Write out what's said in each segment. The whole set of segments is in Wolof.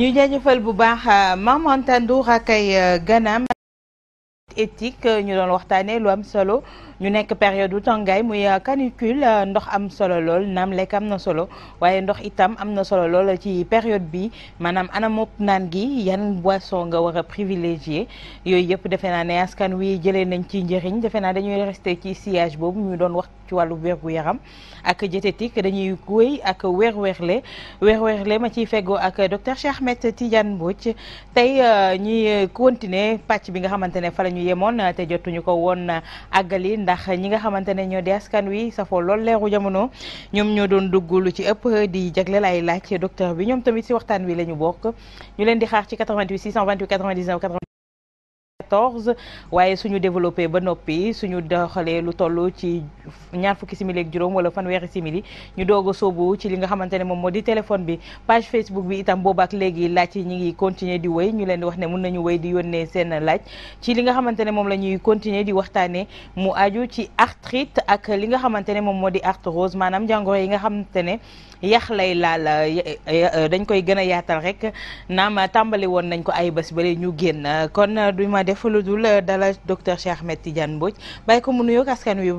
ñu jaajëfal bu baax euh, Mamantar Ndour ak ay euh, ganaam éthique euh, ñu doon waxtaanee lu am solo ñu nekk période bu tàngaay muy euh, canicule euh, ndox am solo lool naam lekk am na solo waaye ndox itam am na solo lool ci période bi maanaam anamop naan gi yan boisson nga war a privilégié yooyu yëpp defe naa ne askan wi jëlee nañ ci njëriñ defe naa dañuy resté ci sillage boobu ñu doon wax ci wàllu wér-gu-yaram ak diététique dañuy wéy ak weer le weer weer le ma ciy fegoo ak docteur Cheikh Ahmed Tidiane Mbodj tey euh, ñuy continuer pàcc bi nga xamante ne fa la ñu yemoon te jotuñu ko woon àggali ndax ñi nga xamante ne ñoo di askan wi safoo lool leeru jamono ñoom ñoo doon dugg lu ci ëpp di jagleel ay laaj docteur bi ñoom tamit si waxtaan wi la ñu bokk ñu leen di xaar ci 88 628 99 90 14 waaye suñu développé ba noppi suñu doxalee lu toll ci ñaar fukki simili ak juróom wala fanweeri simili ñu doog a ci li nga xamante ne moom moo di téléphone bi page Facebook bi itam boobaak léegi laaj yi ñu ngi continuer di woy ñu leen di wax ne mun nañu woy di yónnee seen laaj ci li nga xamante ne moom la ñuy continuer di waxtaanee mu aju ci arthrite ak li nga xamante ne moom moo di arthrose maanaam jàngoro yi nga xamante ne yax lay laal euh, euh, euh, dañ koy gën a yaatal naa ma tàmbali woon nañ ko ay bés bale ñu génn kon du ma def lu dul dala docteur Cheikh Ahmed Tidiane Mbodj bàyyi ko mu nuyoog askan wi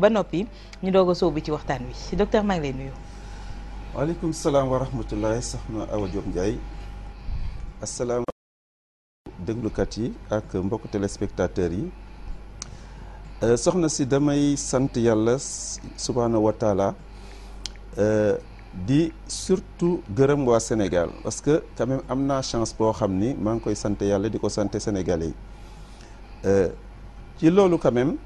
ba noppi ñu doog a sóobu ci waxtaan wi docteur maa ngi lay nuyu. waaleykum salaam wa rahmatullahi soxna Awa Diop Ndiaye asalaam déglukat yi ak mbokk téléspectateurs yi soxna si damay sant yàlla subhaanahu wa di surtout gërëm waa Sénégal parce que quand am naa chance boo xam ni maa ngi koy sant yàlla di ko sant sénégalais yi ci loolu quand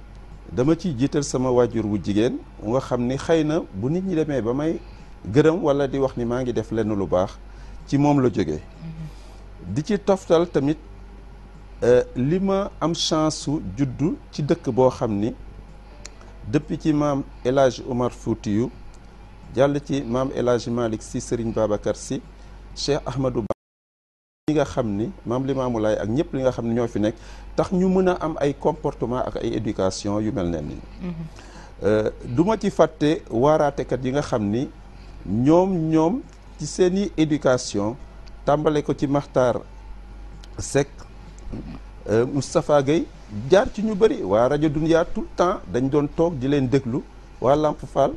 dama ciy jiital sama waajur wu jigéen nga xam ni xëy na bu nit ñi demee ba may gërëm wala di wax ni maa ngi def lenn lu baax ci moom la jógee di ci toftal tamit euh, li ma am chance su juddu ci dëkk boo xam ni depuis ci maam El Hadj Omar jàll ci maam El Hadj si Serigne Babacar si Cheikh Ahmadou Ba li nga xam ni maam Limaamu Laay ak ñëpp li nga xam ne ñoo fi nekk tax ñu mën a am ay comportement ak ay éducation yu mel ne nii mm-hmm. euh, du ma ci fàtte waaraatekat yi nga xam ni ñoom ñoom ci seeni éducation tàmbale ko ci Maxtaar Seck euh, Moustapha Gueye jaar ci ñu bëri waa rajo Dunya tout temps dañ doon toog di leen déglu waa Lamp Fall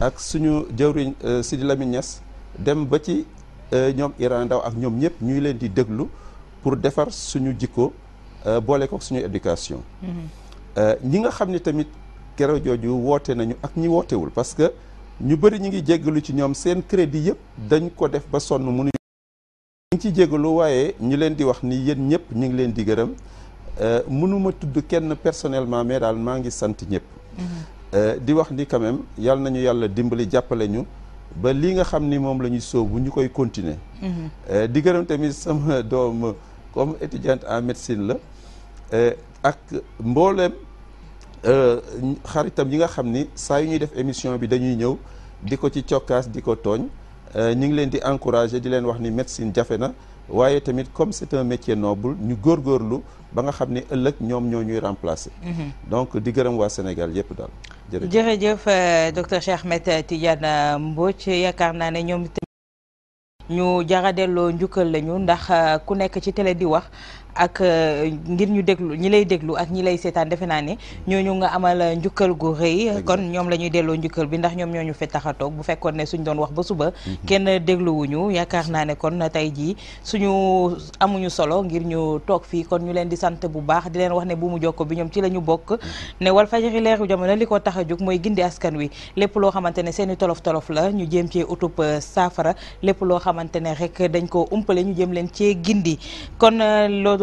ak suñu jëwriñ euh, Sidi Lamine Niass dem ba ci euh, ñoom Iran Ndaw ak ñoom ñëpp ñuy leen di déglu pour defar suñu jikko euh, boole ko suñu éducation. Mhm. ñi nga xam ne tamit keroog jooju woote nañu ak ñi wootewul parce que ñu bëri ñu ngi jéggalu ci ñoom seen crédit yëpp dañ ko def ba sonn mënuñu. ñu ngi ciy jéggalu waaye ñi leen di wax ni yéen ñëpp ñu ngi leen di gërëm mënuma tudd kenn personnellement mais daal maa ngi sant ñëpp. Mhm. Euh, di wax ni quand yàlla nañu yàlla dimbali jàppale ñu ba lii nga xam ni moom la ñuy sóobu ñu koy continuer mhm. euh, di gërëm tamit sama doom comme étudiante en médecine la euh, ak mbooleem xaritam yi nga xam ni saa yu ñuy def émission bi dañuy ñëw di ko ci cokkaas di ko tooñ ñu ngi leen di encourager di leen wax ni médecine jafe na waaye tamit comme c'est un métier noobul ñu góorgóorlu ba nga xam ni ëllëg ñoom ñoo ñuy remplacer mhm. donc di gërëm waa Sénégal yépp daal jërëjëf euh, docteur Cheikh Ahmed Tidiane euh, Mbodj yaakaar naa ne ñoom ñu jara delloo njukkal lañu ndax euh, ku nekk ci télé di wax ak euh, ngir ñu déglu ñi lay déglu ak ñi lay seetaan defe naa ne ñooñu nga amal euh, njukkal gu rëy kon ñoom la ñuy delloo njukkal bi ndax ñoom ñoo ñu fi tax toog bu fekkoon ne suñu doon wax ba suba mhm. kenn dégluwuñu yaakaar naa ne kon tey jii suñu amuñu solo ngir ñu toog fii kon ñu leen di sant bu baax di leen wax ne bu mu ko bi ñoom ci lañu bokk mhm. ne fa Walfadjri leeru jamono li ko tax a jóg mooy gindi askan wi lépp loo xamante ne seeni tolof tolof la ñu jéem cee utub euh, saafara lépp loo xamante ne rek dañ ko umpale ñu jéem leen cee gindi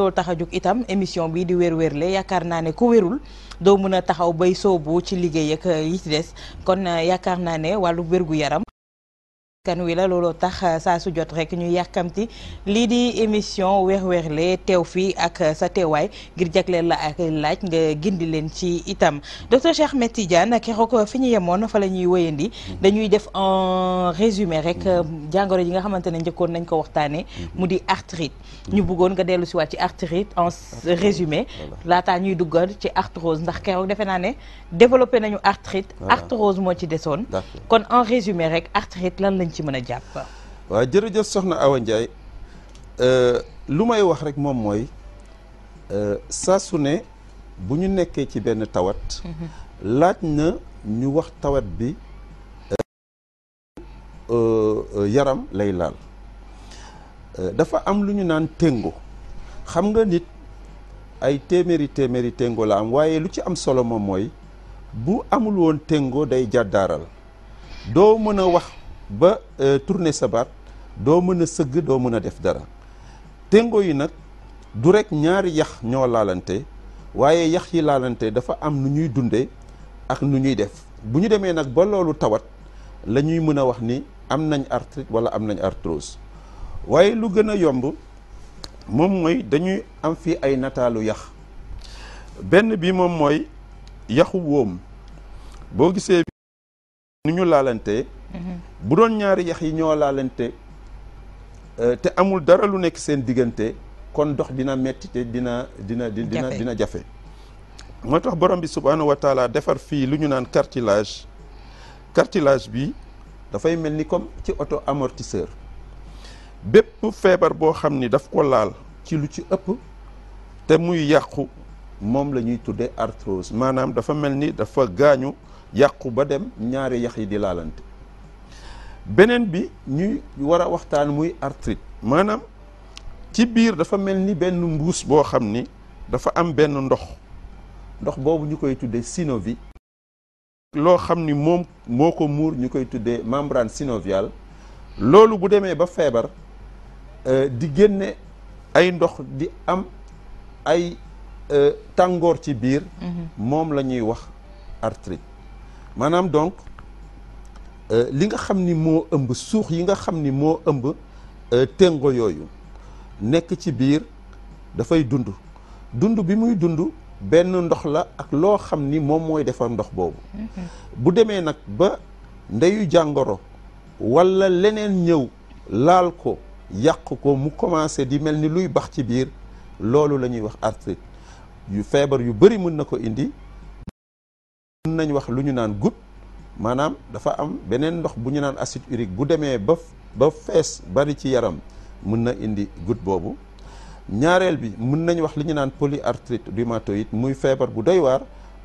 loolu tax a jug itam émission bi di wér wérle yaakaar naa ne ko wérul doo mën a taxaw bay soobu ci liggéey ak yi des kon euh, yaakaar naa ne wàllu wérgu yaram kan wi la looloo tax euh, saa su jot rek ñu yàkkamti lii di émission weer weerle teew fii ak euh, sa teewaay ngir jagleel la ak laaj nga gindi leen ci itam docteur Cheikh Ahmed Tidiane keroog fi ñu yemoon fa la ñuy wéyandi dañuy def en résumé rek euh, jàngoro ji nga xamante ne njëkkoon nañ ko waxtaanee mhm. mu di arthrite mhm. ñu bëggoon nga dellu si waat ci arthrite en résumé laataa ñuy duggal ci artrose ndax keroog defe naa ne développé nañu arthrite arthrose moo ci desoon kon en résumé ci mën a jàpp. waaw jërëjëf soxna Awa Ndiaye euh, lu may wax rek moom mooy euh, saa ne bu ñu nekkee ci benn tawat. Mhm. laaj na ñu wax tawat bi euh, yaram lay laal dafa am lu ñu naan téngo xam nga nit ay téeméeri téeméeri téngo la am waaye lu ci am solo moom mooy bu amul woon téngo day jàddaaral doo mën a wax ba euh, tourner sa baat doo mën a sëgg doo mën a def dara téngo yi nag du rek ñaari yax ñoo laalante waaye yax yi laalante dafa am nu ñuy dunde ak nu ñuy def bu ñu demee nag ba loolu tawat la ñuy mën a wax ni am nañ arthrite wala am nañ arthrose waaye lu gën a yomb moom mooy dañuy am fii ay nataalu yax benn bi moom mooy yaxu woom boo gisee nu ñu laalante mhm. bu doon ñaari yax yi ñoo laalante euh, te amul dara lu nekk seen diggante kon dox dina metti te dina dina dina dina jafe moo tax borom bi subhaanahu wa defar fii lu ñu naan cartilage cartilage bi dafay mel ni comme ci auto amortisseur bépp feebar boo xam ni daf ko laal ci lu ci ëpp te muy yàqu moom la ñuy tuddee arthrose maanaam dafa mel ni dafa gaañu yàqu ba dem ñaari yax yi di laalante beneen bi ñuy war a waxtaan muy arthrite maanaam ci biir dafa mel ni benn mbuus boo xam ni dafa am benn ndox ndox boobu ñu koy tuddee synovie loo xam ni moom moo ko muur ñu koy tuddee membrane synoviale loolu bu demee ba feebar euh, di génne ay ndox di am ay euh, tàngoor ci biir mm-hmm. moom la wax arthrite maanaam donc Euh, li nga xam ni moo ëmb suux yi nga xam ni moo ëmb euh, téngo yooyu nekk ci biir dafay dund dund bi muy dund benn ndox la ak loo xam ni moom mooy defar ndox boobu mhm. bu demee nag ba ndeyu jàngoro walla leneen ñëw laal ko yàq ko mu commencé di mel ni luy bax ci biir loolu la ñuy wax arthrite yu feebar yu bari mën na ko indi mën nañ wax lu ñu naan goutte maanaam dafa am beneen ndox bu ñu naan acide urique bu demee ba ba fees bari ci yaram mën na indi gudd boobu ñaareel bi mun nañu wax li ñu naan polyarthrite rhumatoïde muy feebar bu doy waar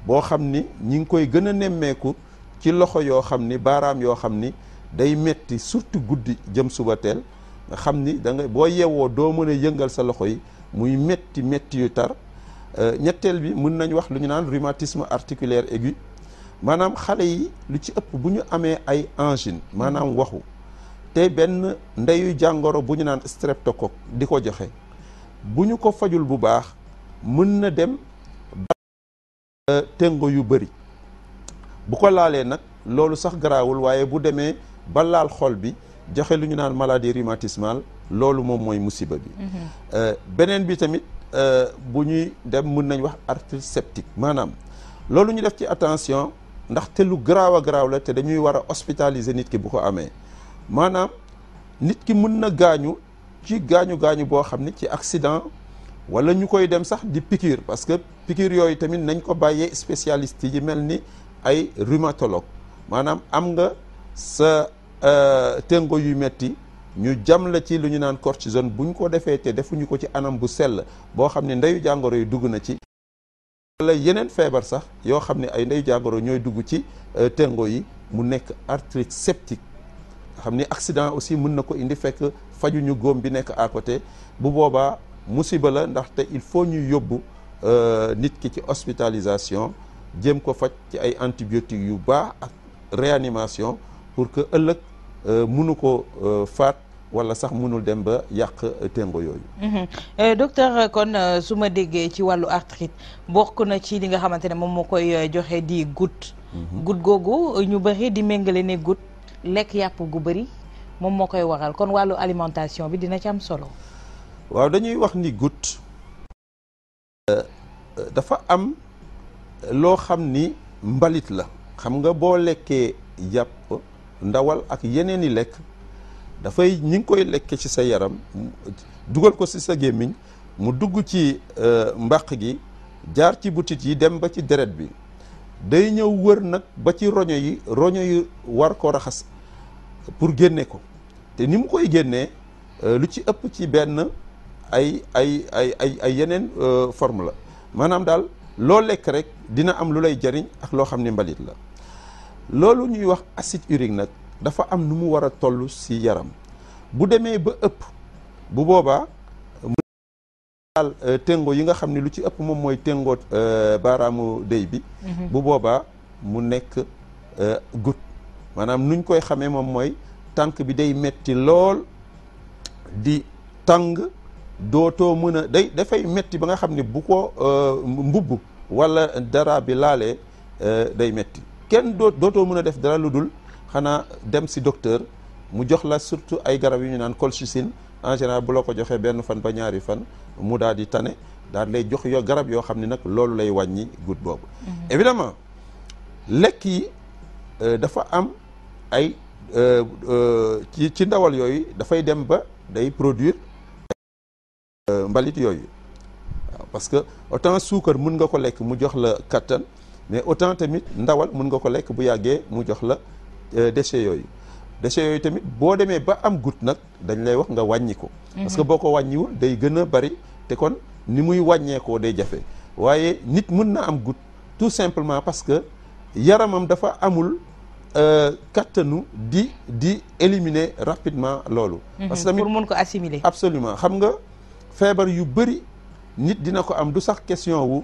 boo xam ni ñi ngi koy gën a nemmeeku ci loxo yoo xam ni baaraam yoo xam ni day metti surtout guddi jëm suba teel nga xam ni da boo yewoo doo mën yëngal sa loxo yi muy metti metti yu tar euh, ñetteel bi mun nañu wax lu ñu naan rhumatisme articulaire aigu maanaam xale yi lu ci ëpp bu ñu amee ay angine maanaam waxu te benn ndeyu jàngoro bu ñu naan streptocoque di ko joxe bu ñu ko fajul bu baax mën na dem ba euh, tengo yu bëri bu ko laalee nag loolu sax garaawul waaye bu demee ba laal xol bi joxe lu ñu naan maladie rhumatismale loolu moom mooy musiba bi mhm. euh, beneen bi tamit euh, bu ñuy dem mën nañ wax arthrite septique maanaam loolu ñu def ci attention ndax te lu garaaw a garaaw la te dañuy war a hospitaliser nit ki bu ko amee maanaam nit ki mën na gaañu ci gaañu gaañu boo xam ne ci accident wala ñu koy dem sax di piqûre parce que piqûre yooyu tamit nañ ko bàyyee spécialiste yi mel ni ay rhumatologue maanaam am nga sa euh, téngo yu metti ñu jam la ci lu ñu naan cortisone bu ñu ko defee te defuñu ko ci anam bu sell boo xam ne ndeyu jàngoro yi dugg na ci wala yeneen feebar sax yoo xam ne ay nday jàngoro ñooy dugg ci euh, tengo yi mu nekk arthrite septique xam ni accident aussi mën na ko indi fekk fajuñu góom bi nekk à côté bu boobaa musiba la ndaxte il faut ñuy yóbbu euh, nit ki ci hospitalisation jëm ko faj ci ay antibiotiques yu baax ak réanimation pour que ëllëg euh, mënu ko faat wala sax mënul dem ba yàq téngo yooyu. Mhm. Euh, docteur kon euh, su ma déggee ci wàllu arthrite bokk na ci li nga xamante ne moom moo koy euh, joxe di gut mhm. goutte googu ñu bëri di méngale ne goutte lekk yàpp gu bari moom moo koy waxal kon wàllu alimentation bi dina ci am solo. waaw dañuy wax ni gut dafa am loo xam ni mbalit la. xam nga boo lekkee jàpp ndawal ak yeneen i lekk. dafay ñi ngi koy lekke ci sa yaram dugal ko ci sa gémmiñ mu dugg ci euh, mbàq gi jaar ci butit yi dem ba ci deret bi day ñëw wër nag ba ci roño yi roño yi war ko raxas pour génne ko te ni mu koy génnee euh, lu ci ëpp ci benn ay ay ay ay ay yeneen euh, forme la maanaam daal loo lekk rek dina am lu lay jariñ ak loo xam ni mbalit la loolu ñuy wax acide urique nag dafa am nu mu war a toll si yaram bu demee ba ëpp bu boobaa daal euh, tengo yi nga xam ne lu ci ëpp moom mooy tengo euh, baaraamu déy bi mhm. bu boobaa mu nekk euh, goutte maanaam nuñ koy xamee moom mooy tànk bi day metti lool di tàng dootoo mën a day dafay metti ba nga xam ne bu ko mbubb wala dara bi laalee day metti kenn doo dootoo mën a def dara lu dul xanaa dem si docteur mu jox la surtout ay garab yu ñu naan colchicine en général bu la ko joxee benn fan ba ñaari fan mu daal di tane daal lay jox yoo garab yoo xam ne nag loolu lay wàññi goutte boobu. Mhm. évidemment lekk yi euh, dafa am ay euh, euh, ci ci ndawal yooyu dafay dem ba day produire mbalit yooyu parce que autant suukar mun nga ko lekk mu jox la kattan mais autant tamit ndawal mun nga ko lekk bu yàggee mu jox la. Euh, déchets yooyu déchets yooyu tamit boo demee ba am goutte nag dañ lay wax nga wàññi ko parce que mhm. boo ko wàññiwul day gën a bari te kon ni muy wàññeekoo day jafe waaye nit mun na am goutte tout simplement parce que yaramam dafa amul euh, kattanu di di éliminer rapidement loolu mhm. parce que tamit pour mun ko assimiler absolument xam nga feebar yu bëri nit dina ko am du sax question wu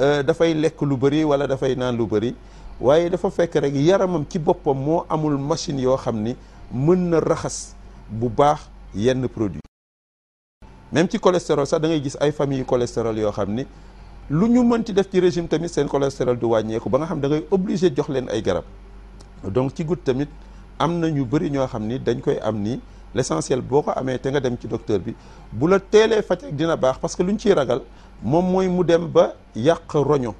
euh, dafay lekk lu bëri wala dafay naan lu bëri waaye dafa fekk rek yaramam ci boppam moo amul machine yoo xam ni mën na raxas bu baax yenn produit même ci cholestérol sax da ngay gis ay famille cholestérol yoo xam ni lu ñu mën mënti def ci régime tamit seen cholestérol du wàññeeku ba nga xam da ngay obligé jox leen ay garab donc ci guddi tamit am na ñu bëri ñoo xam ni dañ koy am ni l'essentiel boo ko amee te nga dem ci docteur bi bu la teelee faj ak dina baax parce que lu ñu ciy ragal moom mooy mu dem ba yàq roño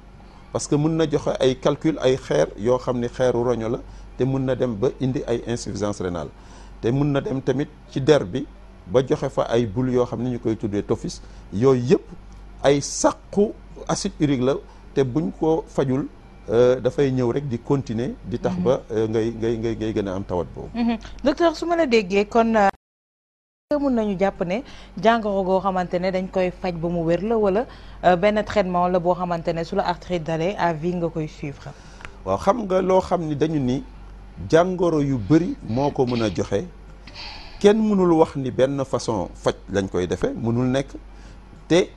parce que mun na joxe ay calcul ay xeer yoo xam ni xeeru roño la te mun na dem ba indi ay insuffisance rénale te mun na dem tamit ci der bi ba joxe fa ay boules yoo xam ne ñu koy tuddee tophis yooyu yëpp ay sàqu acide urique la te buñ ko fajul euh, dafay ñëw rek di continuer di tax mhm. ba euh, ngay ngay ngay ngay gën a am tawat boobu mhm. docteur su ma la déggee kon euh, mën nañu jàpp ne jàngoro goo xamante ne dañ koy faj ba mu wér la wala euh, benn traitement la boo xamante ne su la arthrite vie nga koy suivre. waaw xam nga loo xam ni dañu ni jàngoro yu bëri moo ko mën a joxe kenn mënul wax ni benn façon faj lañ koy defee mënul nekk te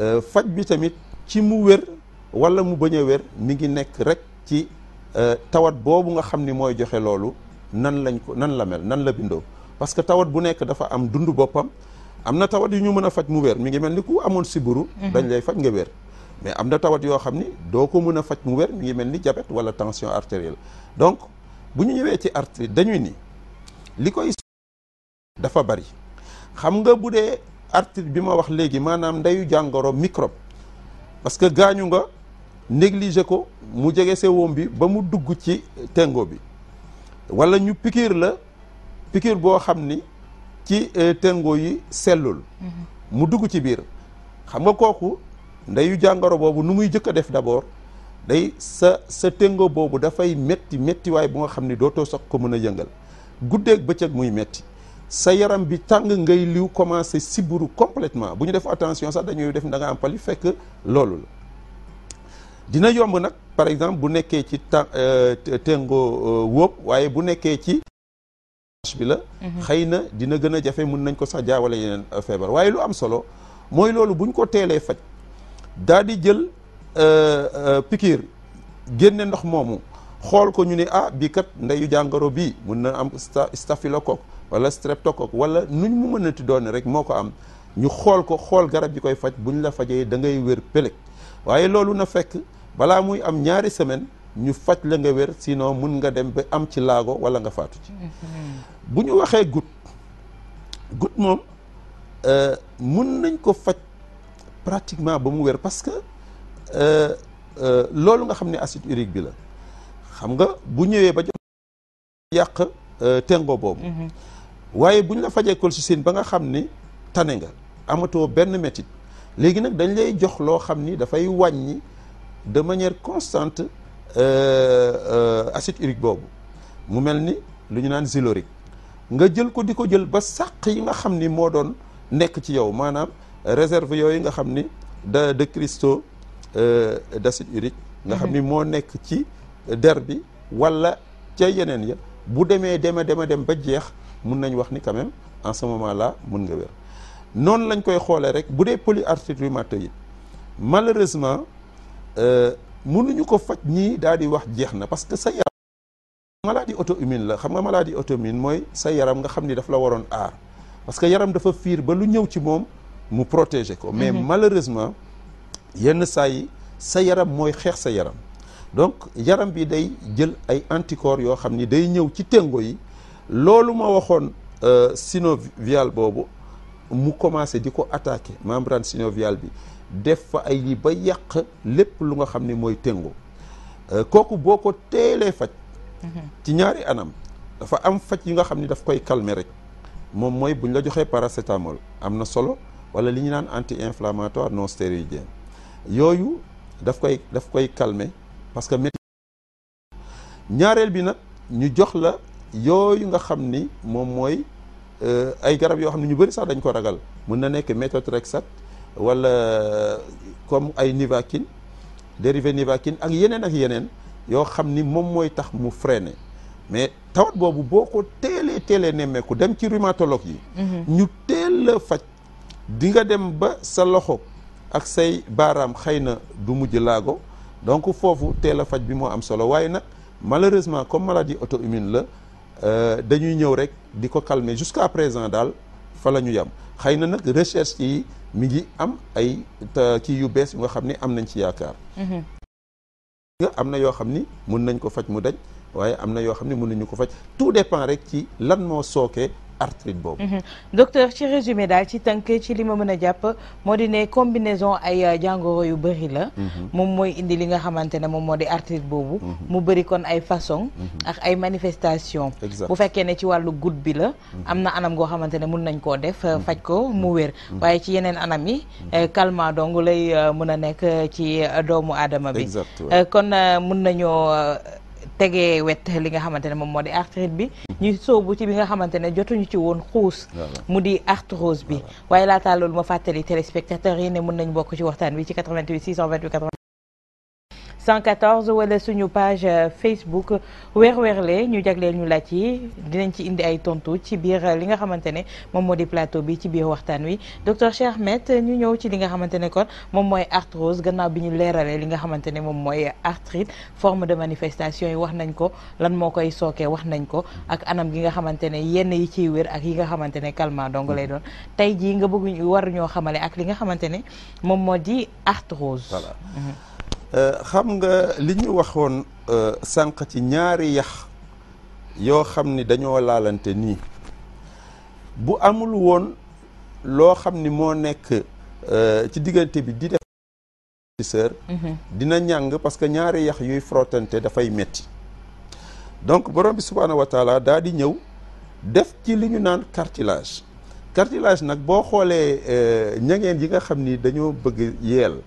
euh, faj bi tamit ci mu wér wala mu bañ a wér mi ngi nekk rek ci euh, tawat boobu nga xam ni mooy joxe loolu nan lañ ko nan la mel nan la bindoo. parce que tawat bu nekk dafa am dund boppam am na tawat yu ñu mën a faj mu wér mi ngi mel ni ku amoon buru mhm. dañ lay faj nga wér mais am na tawat yoo xam ni doo ko mën a faj mu wér mi ngi mel ni diabète wala tension artérielle donc bu ñu ñëwee ci artère dañuy nii li koy dafa bari xam nga bu dee artère bi ma wax léegi maanaam ndeyu jàngoro microbe parce que gaañu nga négliger ko mu jege sa wóom bi ba mu dugg ci tengo bi wala ñu pikiir la piqûre boo xam ni ci euh, tëngoo yi sellul mm-hmm. mu dugg ci biir xam nga kooku ndeyu jàngoro boobu nu muy jëkk a def d'abord day sa sa tëngoo boobu dafay métti métti waaye bu nga xam ni dootoo sax ko mën a yëngal guddeeg bëccëg muy métti sa yaram bi tàng ngay liw commencé siburu completement bu ñu def attention sax dañuy def da nga am pali fekk loolu la dina yomb nag par exemple bu nekkee ci tà euh, tëngoo euh, wóob waaye bu nekkee ci bi la mhm. xëy na dina gën a jafe mun nañ ko sax jaawale yeneen euh, feebar waaye lu am solo mooy loolu buñ ko teelee faj daal di jël euh, euh, pikiir génne ndox moomu xool ko ñu ne ah bii kat ndeyu jàngoro bii mun na am staphylocoque wala streptocoque wala nuñ mu mënati doon rek moo ko am ñu xool ko xool garab yi koy faj buñ la fajee da ngay wér peleg waaye loolu na fekk balaa muy am ñaari semaine ñu faj la nga wér sinon mun nga dem ba am ci laago wala nga faatu ci bu ñu waxee gut gut moom euh, mun nañ ko faj pratiquement ba mu wér parce que euh, euh, loolu nga xam ne acide urique bi la xam nga bu ñëwee ba jox yàq tengo boobu mhm. waaye bu ñu la fajee colchicine ba nga xam ni tane nga amatoo benn métit léegi nag dañ lay jox loo xam ni dafay wàññi de manière constante Euh, euh, acide urique boobu mu mel ni lu ñu naan zylorique nga jël ko di ko jël ba sàq yi nga xam ni moo doon nekk ci yow maanaam réserve yooyu nga xam ni de de cristaux euh, d'acide urique nga xam ni mhm. moo nekk ci der bi wala ca yeneen ya bu demee dema dema dem ba jeex mun nañ wax ni quand même en ce moment là mun nga wér noonu lañ koy xoolee rek bu dee polyarthrite rhumatoïde malheureusement mënuñu ko faj nii daal di wax jeex na parce que sa yaram maladie auto-immune la xam nga maladie auto mooy sa yaram nga xam ni daf la waroon aar parce que yaram dafa fiir ba lu ñëw ci moom mu protéger ko mais mhm. malheureusement yenn saa sa yaram mooy xeex sa yaram donc yaram bi day jël ay anticorps yoo xam ni day ñëw ci téngo yi loolu ma waxoon euh, sinovial boobu mu commencé di ko attaquer membrane sinoviale bi def fa ay ñi ba yàq lépp lu nga xam ni mooy téngo euh, kooku boo ko teelee faj mhm. ci ñaari anam dafa am faj yi nga xam ni daf koy calmer rek moom mooy buñ la joxee paracétamol am na solo wala li ñu naan anti inflammatoire non stéroïdien yooyu daf koy daf koy kalme parce que métti ñaareel bi nag ñu jox la yooyu nga xam ni moom mooy euh, ay garab yoo xam ne ñu bari sax dañ ko ragal mën na nekk sat wala comme ay nivaquine dérivé nivaquine ak yeneen ak yeneen yoo xam ni moom mooy tax mu freiné mais tawat boobu boo ko teelee teelee nemmeeku dem ci rhumatologue yi mhm. ñu teel faj di nga dem ba sa loxo ak say baaraam xëy na du mujj laago donc foofu teel a faj bi moo am solo waaye nag malheureusement comme maladie auto-immune la euh, dañuy ñëw rek di ko calmer jusqu'à présent daal fa la ñu yem xëy na nag recherche yi mi ngi am ay kii yu bees yu nga xam ni am nañ ci yaakaar mhm. nga am na yoo xam ni mun nañ ko faj mu daj waaye am na yoo xam ne nañu ko faj tout dépend rek ci lan moo sookee arthrite boobu. Mhm. docteur ci résumé daal ci tënk ci li ma mën a jàpp moo di ne combinaison ay euh, jàngoro yu bëri la. Mhm. moom mooy indi li nga xamante ne moom moo di arthrite boobu. Mhm. mu bëri kon ay façon ak ay manifestation bu fekkee ne ci wàllu goutte bi la. am na anam goo xamante ne mun nañ koo def. Euh, faj ko mu wér. waaye ci yeneen anam yi. Euh, calmant dong lay mun a nekk ci doomu aadama bi. kon mun nañoo. tegee wet li nga xamante ne moom moo di arthrite bi ñuy soobu ci bi nga xamante ne jotuñu ci woon xuus mu di arthrose bi waaye laataa loolu ma fàttali téléspectateurs yi ne mën nañ bokk ci waxtaan bi ci 88 628 114 wala suñu page euh, Facebook weer weerle ñu jagleel ñu laaj yi dinañ ci indi ay tontu ci biir euh, li nga xamante ne moom moo di plateau bi ci biir waxtaan wi docteur Cheikh Ahmed ñu ñëw ci li nga xamante ne kon moom mooy arthrose gannaaw bi ñu leeralee li nga xamante ne moom mooy arthrite forme de manifestation yi wax nañ ko lan moo koy sookee wax nañ ko ak anam gi nga xamante ne yenn yi ciy wér ak yi nga xamante ne calmant dong lay doon tey jii nga bëgguñu war ñoo xamale ak li nga xamante ne moom moo di arthrose. voilà. Mhm. Euh, xam nga li ñu waxoon euh, sànq ci ñaari yax yoo xam ni dañoo laalante nii bu amul woon loo xam ni moo nekk euh, ci diggante bi di def mhm. dina ñàng parce que ñaari yax yuy frottante dafay metti donc borom bi subhaanahu wa taala di ñëw def ci li ñu naan cartilage cartilage nag boo xoolee ñangeen yi nga xam ni dañoo bëgg yeel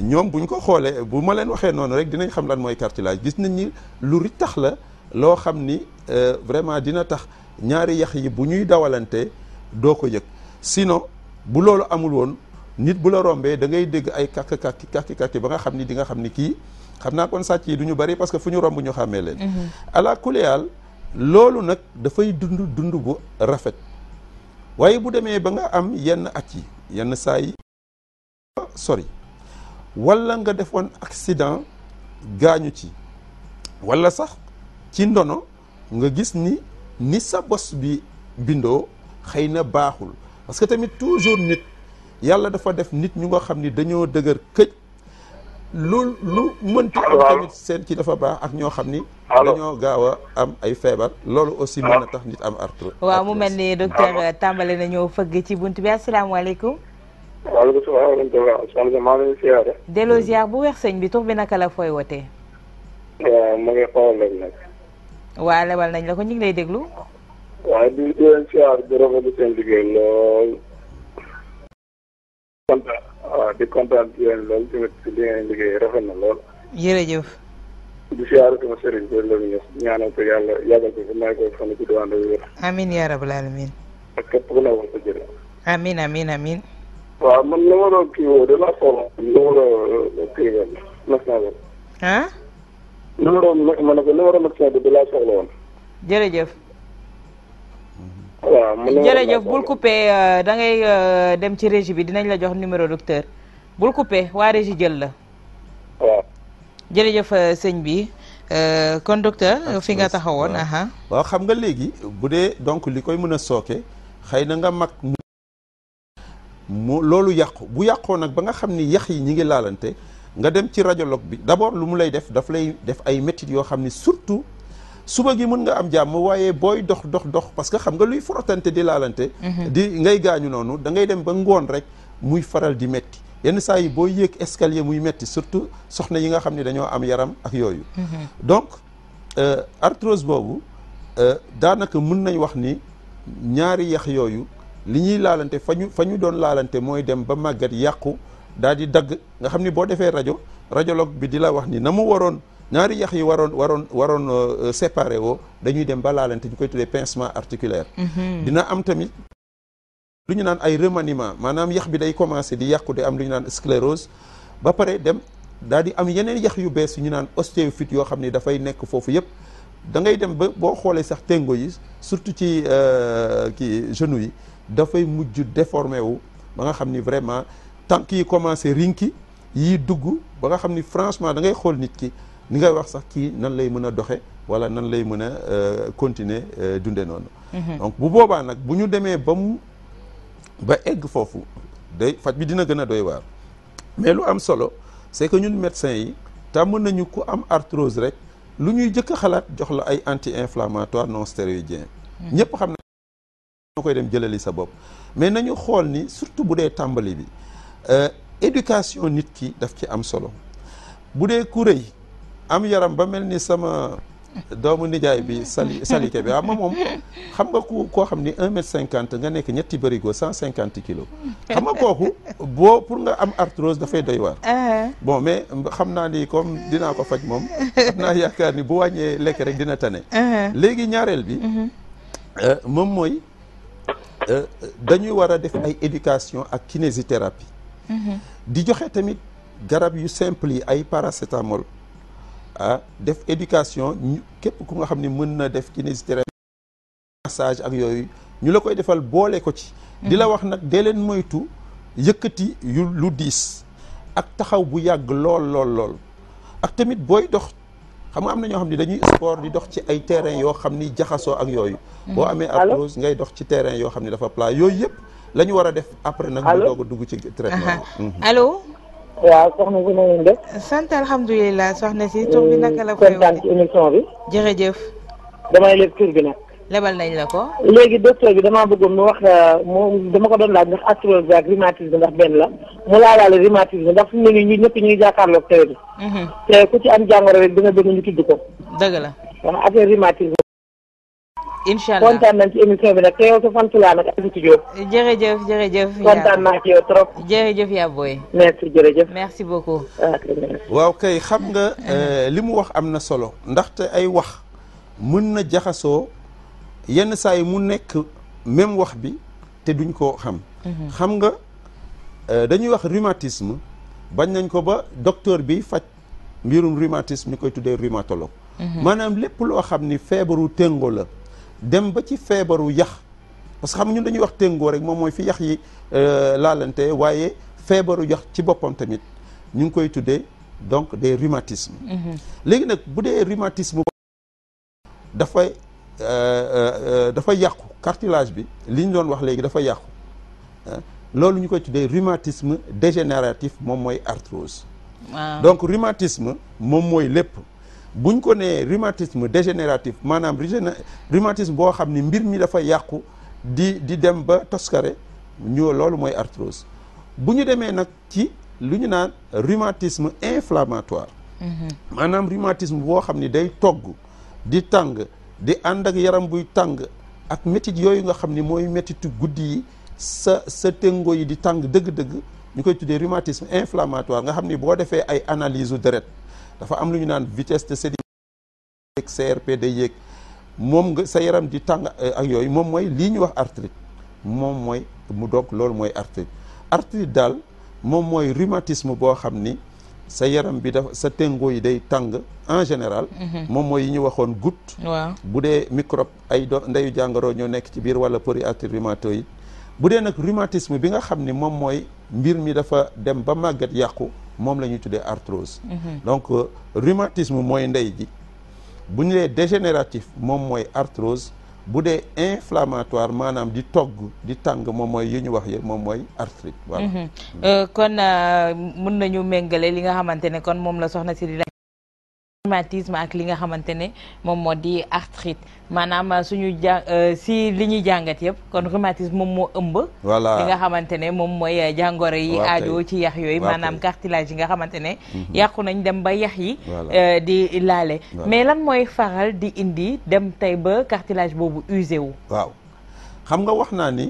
ñoom bu buñ ko xoolee bu ma leen waxee noonu rek dinañ xam lan mooy cartilage gis nañ ni lu ritax la loo xam ni euh, vraiment dina tax ñaari yax yi bu ñuy dawalante doo ko yëg sinon bu loolu amul woon nit bu la rombee da ngay dégg ay kàkk kàkki kàkki kàkki ba nga xam ni di nga xam ni kii xam naa kon sàcc yi duñu bari parce que fu ñu romb ñu xàmmee leen ala mhm. kuleyaal loolu nag dafay dund dund bu rafet waaye bu demee ba nga am yenn at yi yenn saa yi wala nga defoon accident gaañu ci wala sax ci ndono nga gis ni ni sa bos bi bindoo xëy na baaxul parce que tamit toujours nit yàlla dafa def nit ñu nga xam ni dañoo dëgër këj lu lu mënti am tamit seen ci dafa baax ak ñoo xam ni dañoo gaaw a am ay feebar loolu aussi mën na tax nit am arthrose waaw mu mel ni docteur tàmbale nañoo fëgg ci bunt bi asalaamaaleykum Eh, waaleykum ah, la wa rahmatulah soxna maa ngi leen di siyaare. delloo ziar bu weex sëñ bi tur bi naka la fooy wootee. waaw ma ngi xawal lañ nag. waa lebal nañ la ko ñu ngi lay déglu. waaye di di leen siyaar di liggéey rafet na lool. jërëjëf. di siyaare loolu ko yàlla yàggal ko fi may ko fan ci diwaan bi wér. amiin waaw man numéro kii woo la soxla. numéro euh, kii bi médecin bi. ah. numéro ma ne euh, da ngay euh, dem ci régi bi dinañ la jox numéro docteur bul coupé waa régie jël la. waaw. jërëjëf sëñ bi. kon docteur ah, fi nga taxawoon. waaw xam nga léegi bu dee donc li koy mën a sooke xëy na nga mag. loolu yàqu bu yàqoo nag ba nga xam ni yax yi ñi ngi laalante nga dem ci radiologue bi d'abord lu mu lay def daf lay def ay métit yoo xam ni surtout suba gi mën nga am jàmm waaye booy dox dox dox parce que xam nga luy frottante di laalante mhm. di ngay gaañu noonu dangay dem ba ngoon rek muy faral di métti yenn saa yi boo yéeg escalier muy métti surtout soxna yi nga xam ne dañoo am yaram ak yooyu mhm. donc euh, arthrose boobu euh, daanaka mën nañ wax ni ñaari yax yooyu li ñuy laalante fa ñu fa ñu doon laalante mooy dem ba màggat yàqu daal di dagg nga xam ni boo defee rajo radiologue bi di la wax ni na mu waroon ñaari yax yi waroon waroon waroon euh, euh, séparé woo dañuy dem ba laalante ñu koy tuddee pincement articulaire mm-hmm. dina am tamit lu ñu naan ay remaniement maanaam yax bi day commencé di yàqu di am lu ñu naan sclérose ba pare dem daal di am yeneen yax yu bees yu ñu naan ostéophyte yoo xam ni dafay nekk foofu yëpp dangay dem ba boo xoolee sax téngo yi surtout ci euh, kii genou yi dafay mujj déformé wu ba nga xam ni vraiment tànk yi commencé rinki yi dugg ba nga xam ni franchement dangay xool nit ki ni ngay wax sax kii nan lay mën a doxe wala nan lay mën a euh, continuer euh, dunde noonu mhm. donc bu boobaa nag bu ñu demee ba mu ba egg foofu day faj bi dina gën a doy waar mais lu am solo c'est que ñun médecins yi tàmm nañu ku am arthrose rek lu ñuy jëkk xalaat jox la ay anti-inflammatoire non stéroïdien mhm. ñëpp xam ñoo koy dem jëlali sa bopp mais nañu xool ni surtout bu dee tàmbali bi euh, éducation nit ki daf ci am solo bu dee ku rëy am yaram ba mel ni sama doomu nijaay bi sali salite bi am ma moom xam nga ku koo xam ni un mètre cinquante nga nekk ñetti bërigo cent cinquante kilos xam nga kooku boo pour nga am arthrose dafay doy waar uh-huh. bon mais xam naa ni comme dinaa ko faj moom xam naa yaakaar ni bu wàññee lekk rek dina tane uh-huh. léegi ñaareel bi mm-hmm. euh, moom mooy Euh, euh, dañuy war a def ay éducation ak kinésithérapie mhm. di joxe tamit garab yu simple yi ay paracétamol ah def éducation képp ku nga xam ni mën na def kinésithérapie massage ak yooyu ñu la koy defal boole ko ci di la mhm. wax nag dee leen moytu yëkkati yu lu diis ak taxaw bu yàgg lool lool lool ak tamit booy dox xam nga am na ñoo xam ne dañuy sport di dox ci ay terrain yoo xam ni jaxasoo ak yooyu mm-hmm. boo amee arthrose ngay dox ci terrain yoo xam ni dafa plat yooyu yëpp la ñu war a def après nag ñu doog a dugg ci traitement mm-hmm. allo waaw soxna si na ngeen def sant alhamdulilah soxna si tur bi naka la koy kontaan ci émission bi jërëjëf damay lépp tur bi nag lebal nañ la ko. léegi docteur bi damaa bëggoon mu wax mu dama ko doon laaj ndax astrologie ak rhumatisme ndax benn la mu laalaale rhumatisme ndax fu mu ne nii ñun ñëpp ñu ngi jàkkaarloog tawet mhm. ku ci am jàngoro rek dina bëgg ñu tudd ko. dëgg la wax affaire rhumatisme. incha allah kontaan nañ ci émission bi nag te yow sa fan tulaa nag Aïssatou Diop. jërëjëf jërëjëf. kontaan naa ci yow trop. jërëjëf yaa booy. merci jërëjëf. merci beaucoup. waaw kay xam nga eh. euh, li mu wax am na solo ndaxte ay wax mën na jaxasoo yenn saa yi mu nekk même wax bi te duñ ko xam mhm. xam nga euh, dañuy wax rhumatisme bañ nañ ko ba docteur bi faj mbirum rhumatisme ñu koy tuddee rhumatologue mhm. maanaam lépp loo xam ni feebaru téngo la dem ba ci feebaru yax parce que xam nga ñun dañuy wax téngoo rek moom mooy fi yax yi euh, laalante waaye feebaru yax ci boppam tamit ñu ngi koy tuddee donc des rhumatismes mhm. léegi nag bu dee rhumatisme Euh, euh, euh, dafa yàqu cartilage bi li ñu doon wax léegi dafa yàqu loolu ñu koy tuddee rhumatisme dégénératif moom mooy arthrose waaw donc rhumatisme moom mooy lépp buñ ko nee rhumatisme dégénératif maanaam rhumatisme boo xam ni mbir mi dafa yàqu di di dem ba toskare ñu loolu mooy arthrose bu ñu demee nag ci lu ñu naan rhumatisme inflammatoire mhm. maanaam rhumatisme boo xam ni day togg di tàng di ànd ak yaram buy tàng ak métit yooyu nga xam ni mooy métitu guddi yi sa sa téngo yi di tàng dëgg-dëgg ñu koy tuddee rhumatisme inflammatoire nga xam ni boo defee ay analyse u deret dafa am lu ñu naan vitesse de sédiment CRP day yéeg moom nga sa yaram di tàng eh, ak yooyu moom mooy lii ñu wax arthrite moom mooy mu doog loolu mooy arthrite arthrite daal moom mooy rhumatisme boo xam ni sa yaram bi dafa sa téngoo yi day tàng en général mhm. moom mooy yi ñu waxoon goutte waaw bu dee microbe ay do ndeyu jàngaroo ñoo nekk ci biir wala polyarthrite rhumatoïde bu dee nag rhumatisme bi nga xam ni moom mooy mbir mi dafa dem ba màgget yàqu moom la ñuy tuddee arthrose mhm. donc euh, rhumatisme mooy ndey ji bu ñu lee dégénératif moom mooy arthrose bu dee inflammatoire maanaam di togg di tàng moom mooy yi ñu wax yëpp moom mooy arthrite. voilà mhm. euh, kon euh, mën nañu méngale li nga xamante ne kon moom la soxna si di rhumatisme ak li nga xamante ne moom moo di artrite maanaam euh, suñu ja euh, si li ñuy jàngat yëpp kon rhumatisme moom moo ëmb voilà li nga xamante ne moom mooy euh, jàngoro yi aajo ci yax yooyu maanaam cartilage yi nga xamante ne mhm. yàqu nañ dem ba yax yi di laale mais lan mooy faral di indi dem tey ba cartilage boobu usé wu xam nga wax naa ni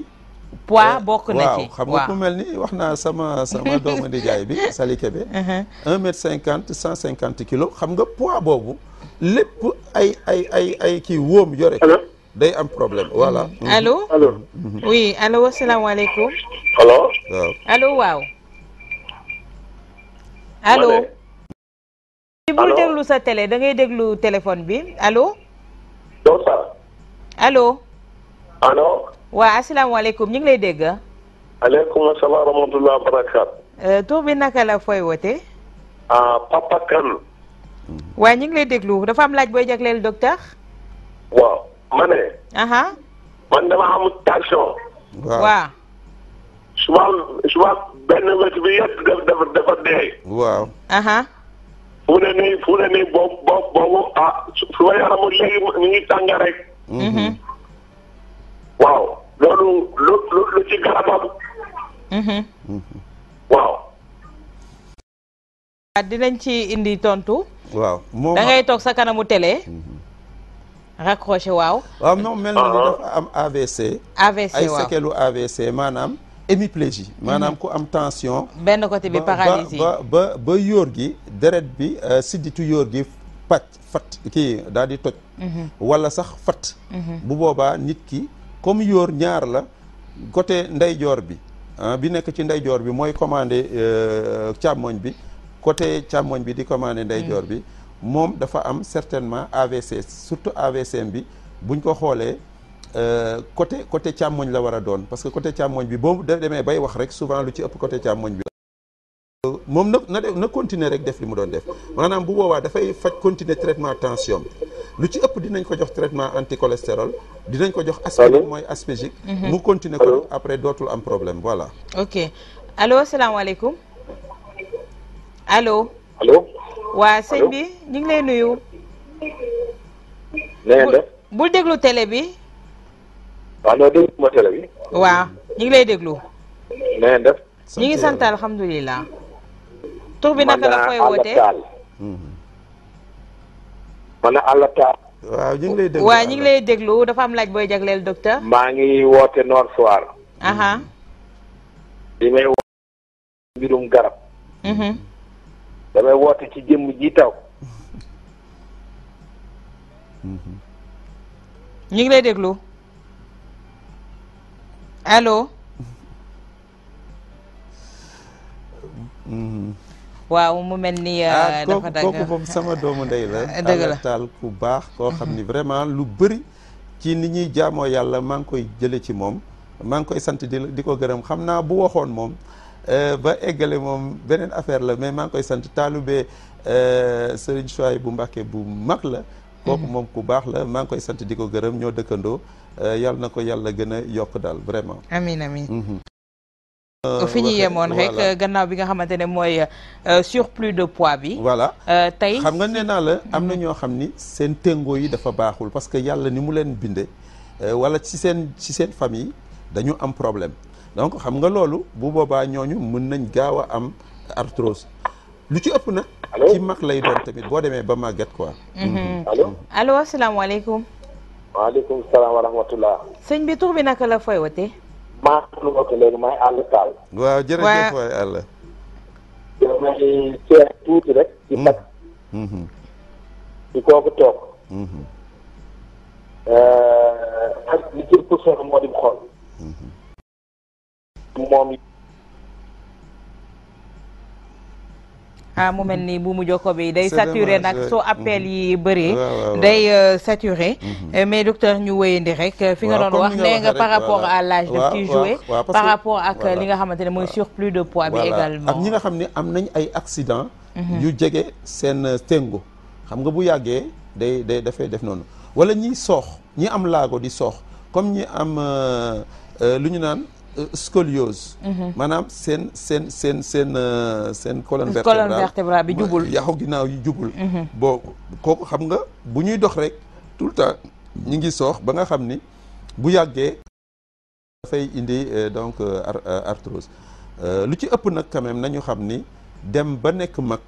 poids eh, bokk na ci waaw xam nga ku ni wax naa sama sama doomu nijaay bi Sali Kébé. 1 uh-huh. mètre 50 150 kilos xam nga poids boobu lépp ay ay ay ay kii wóom yore. day am problème voilà. Mm-hmm. allo allo. Mm-hmm. oui allo asalaamaaleykum. allo. waaw allo waaw. allo. ci bul déglu sa télé da ngay déglu téléphone bi allo. allo. allo. waa asalaamaaleykum ñu ngi lay dégg. aleykum wa rahmatulah barakaat. Euh, tur bi naka la fooy wote ah Papa Kane. waaye ñu ngi lay déglu dafa am laaj booy jagleel docteur. waaw ma ne. man dama am tension. waaw. souvent souvent benn wet bi yëpp dafa dafa dafa dee. waaw. fu ne nii fu ne nii boobu boobu boobu ah su ma yaramul léegi mu loolu lu lu lu ci garabam. Mhm. Ah, dinañ ci indi tontu. waaw moom da toog sa kanamu télé. raccroché waaw. waaw non mel na ni ah. dafa am AVC. AVC waaw ay séquelles u AVC maanaam. hémiplégie mhm. maanaam ku am tension. benn côté bi paralysé ba ba ba yóor gi deret bi euh, sidditu yóor gi pàcc fat kii daal toj. Mhm. wala sax fat bu boobaa nit ki. comme yóor ñaar la côté ndeyjoor bi ah, bi nekk ci ndeyjoor bi mooy commandé euh, càmmoñ bi côté càmmoñ bi di commandé ndeyjoor bi moom dafa am certainement AVC surtout AVC bi buñ ko xoolee euh, côté côté càmmoñ la war a doon parce que côté càmmoñ bi boo demee bay wax rek souvent lu ci ëpp côté càmmoñ bi euh, moom na na continuer rek def li mu doon def maanaam bu boobaa dafay faj traitement tension bi lu ci ëpp dinañ ko jox traitement anticholestérol dinañ ko jox aspirine mooy aspégique mhm. mu continuer ko après dootul am problème voilà ok allo asalaamaaleykum allo allo waa sëñ bi ñu ngi lay nuyu na def bul déglu télé bi waaw non déglu ma télé bi waaw ñu ngi lay déglu na def ñu ngi sant alhamdulilah bi naka la man àll taal. waaw ñu ngi lay déglu waaw ñu ngi lay déglu dafa am laaj booy jagleel docteur. maa ngi woote Nord Foire. li may woote mbirum garab. Mhm. damay woote ci jëmm ji taw. Mhm. ngi lay déglu allo. Mhm. waaw mu mel ni. Euh, ah, dafa dagg kooku moom sama doomu ndey la. dëgg taal ku baax. koo xam ni vraiment lu bëri. ci ni ñuy jaamoo yàlla maa ngi koy jële ci moom maa ngi koy sant di di ko gërëm xam naa bu waxoon moom euh, ba eggale moom beneen affaire la mais maa ngi koy sant taalube euh, Serigne Choy bu Mbàkke bu mag la kooku mm-hmm. moom ku baax la maa ngi koy sant di ko gërëm ñoo dëkkandoo yàlla na ko yàlla gën a yokk daal vraiment amin amin mm-hmm. Euh, fi ñu yemoon rek gannaaw bi nga xamante ne mooy euh, surplus de poids bi. wala euh, tey xam nga nee naa la mm-hmm. am na ñoo xam ni seen tëngoo yi dafa baaxul parce que yàlla ni mu leen binde wala ci seen ci seen famille dañu am problème donc xam nga loolu bu boobaa ñu mën nañ gaaw a am arthrose lu ci ëpp nag. ci mag lay doon tamit boo demee ba màgget quoi. allo mm-hmm. mm-hmm. allo asalaamaaleykum. waaleykum salaam wa rahmatulah. bi tur bi naka la fooy wote maa ngi woote léegi maay àll Sall. waaw jërëjëf waay àll. damay seet tuuti rek. ci mag. Mm-hmm. Mm-hmm. ci kooku toog. ak li ci ëpp solo moo di xool. moom. ah mu mel ni bu mu jokko bi day saturé nag soo appel yi mm-hmm. bëree day euh, saturé mm-hmm. eh, mais docteur ñu wéyandi rek euh, fi nga doon wax nee par rapport à l'âge daf ciy joué par rapport ak li nga xamante ne mooy surplus de poids bi également ak ñi nga xam ne am nañ ay accident mm-hmm. yu jege seen euh, tengo xam nga bu yàggee day day dafay def noonu wala ñi soox ñi am laago di soox comme ñi am lu ñu naan Euh, scoliose. Mhm. maanaam seen seen seen seen euh, seen colonne vertébrale bi jubul yaxu ginnaaw yi jubul. Mhm. bon kooku xam nga bu ñuy dox rek tout temps ñu ngi soox ba nga xam ni bu yàggee dafay indi euh, donc arthrose lu ci ëpp nag quand nañu xam ni dem ba nekk mag.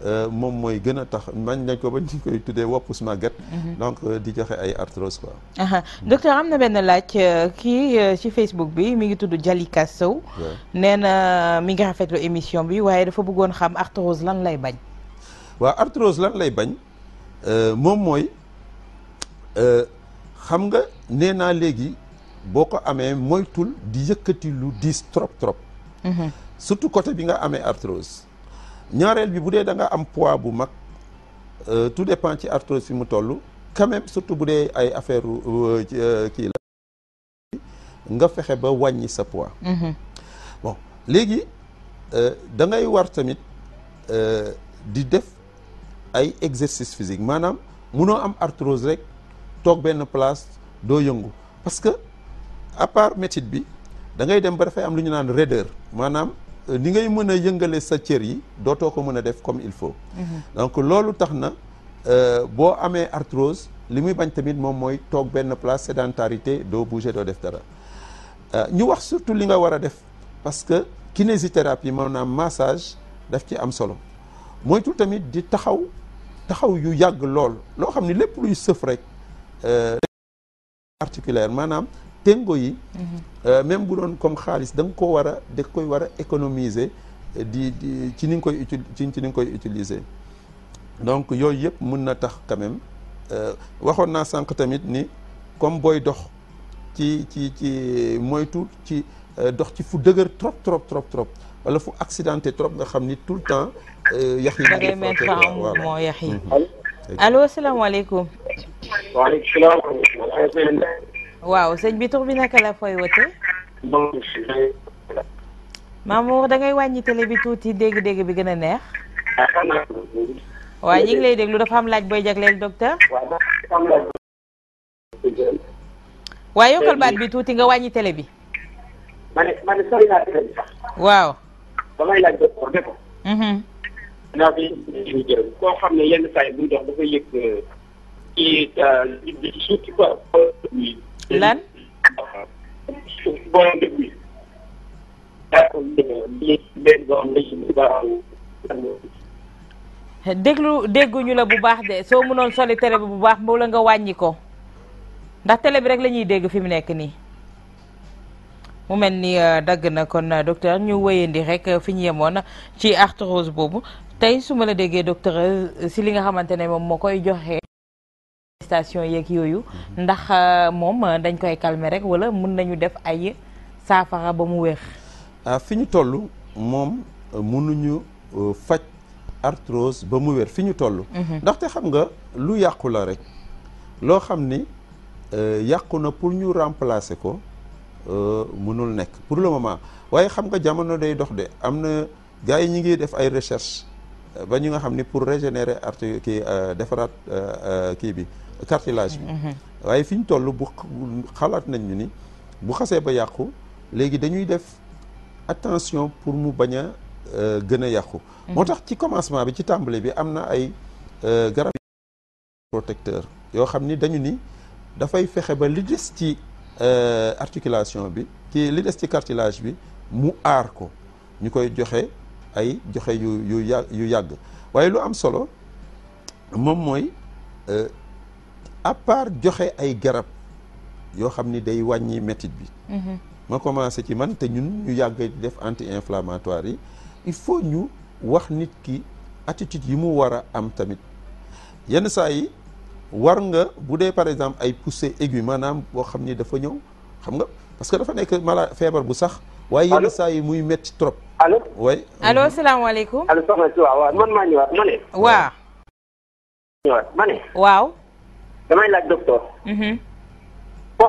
Euh, moom mooy gën a tax mañ nañ ko ba ñu koy tuddee woppus màgget mhm. donc euh, di joxe ay arthrose quoi docteur am na benn laaj euh, kii ci Facebook bi mi ngi tudd Jalika Sow nee na mi ngi rafetlu émission bi waaye dafa bëggoon xam arthrose lan lay bañ waaw arthrose lan lay bañ moom mooy xam nga nee naa léegi boo ko amee moytul di yëkkati lu diis trop trop mhm. surtout côté bi nga amee arthrose ñaareel bi bu dee da nga am poids bu mag euh, tout dépend ci arthrose fi mu toll quand même surtout bu dee ay affaire euh, euh, kii la nga fexe ba wàññi sa poids mhm. léegi dangay war tamit di def ay exercice physique maanaam munoo am arthrose rek toog benn place doo yëngu parce que à metit bi da ngay dem ba dafay am lu ñu naan raideur maanaam ni ngay mën a yëngale sa cër yi dootoo ko mën a def comme il faut mhm. donc loolu tax na euh, boo amee arthrose li muy bañ tamit moom mooy toog benn place sédentarité doo bouger doo def dara euh, ñu wax surtout li nga war a def parce que kinésithérapie maanaam massage daf ci am solo moytul tamit di taxaw taxaw yu yàgg lool loo xam ne lépp luy sëf rek euh, articulaire maanaam tengo yi mhm. euh, même bu doon comme xaalis da nga war a da koy war a économiser di ci ni nga koy uti ci ni nga koy utiliser donc yooyu yëpp mun na tax quand même euh, waxoon naa sànq tamit ni comme booy dox ci ci ci moytu ci euh, dox ci fu dëgër trop trop trop trop wala fu accidenté trop nga xam ni tout le temps yax yi da ngay mettre en yax yi mhm. allo asalaamaaleykum waaleykum waaw sëñ bi tur bi naka la fooy wote Mamour da dangay wàññi télé bi tuuti dégg-dégg bi gën a neex. waaw ñu ngi lay déglu dafa am laaj booy jagleel docteur. waaw yokkal baat bi tuuti nga wàññi télé bi. ma mhm. ne ma ne waaw. damay lan. boo déglu dégguñu la bu baax de soo mënoon soli télé bi bu baax moo la nga wàññi ko ndax télé bi rek lañuy dégg fi mu nekk nii. mu mel ni euh, dagg na kon euh, docteur ñu wéyandi rek euh, fi ñu yemoon ci arthrose boobu tey su ma la déggee docteur si li nga xamante ne moom moo koy joxe. manifestation yeeg yooyu ndax euh, moom euh, dañ koy calmer rek wala mën nañu def ay saafara ba mu weex ah fi ñu toll moom euh, mënuñu faj arthrose ba mu wér fi ñu toll mhm. ndaxte xam nga lu yàqu la rek loo xam ni yàqu na pour ñu remplacer ko mënul nekk pour le moment waaye xam nga jamono day dox de am na gars yi ñu ngi def ay recherche ba ñu nga xam ni pour régénérer arthrose kii defaraat kii bi cartilage bi mhm. waaye fi ñu toll bu xalaat nañ ñu ni bu xasee ba yàqu léegi dañuy def attention pour mu bañ a euh, gën a yàqu mhm. moo tax ci commencement bi ci tàmbali bi am na ay euh, garab protecteur yoo xam ni dañu ni dafay fexe ba li des ci euh, articulation bi ci li des ci cartilage bi mu aar ko ñu koy joxe ay joxe yu yàgg waaye lu am solo moom mooy à part joxe ay garab yoo xam ni day wàññi métit bi mhm. ma commencé ci man te ñun ñu yàgg def anti-inflammatoire yi il faut ñu wax nit ki attitude yi mu war a am tamit yenn saa yi war nga bu dee par exemple ay poussée aiguë maanaam boo xam ni dafa ñëw xam nga parce que dafa nekk mala feebar bu sax waaye yenn saa yi muy metti trop allo waay allo salaamaaleykum allo soxna man maa ñëwaat ma waaw damay laaj docteur. boo mhm.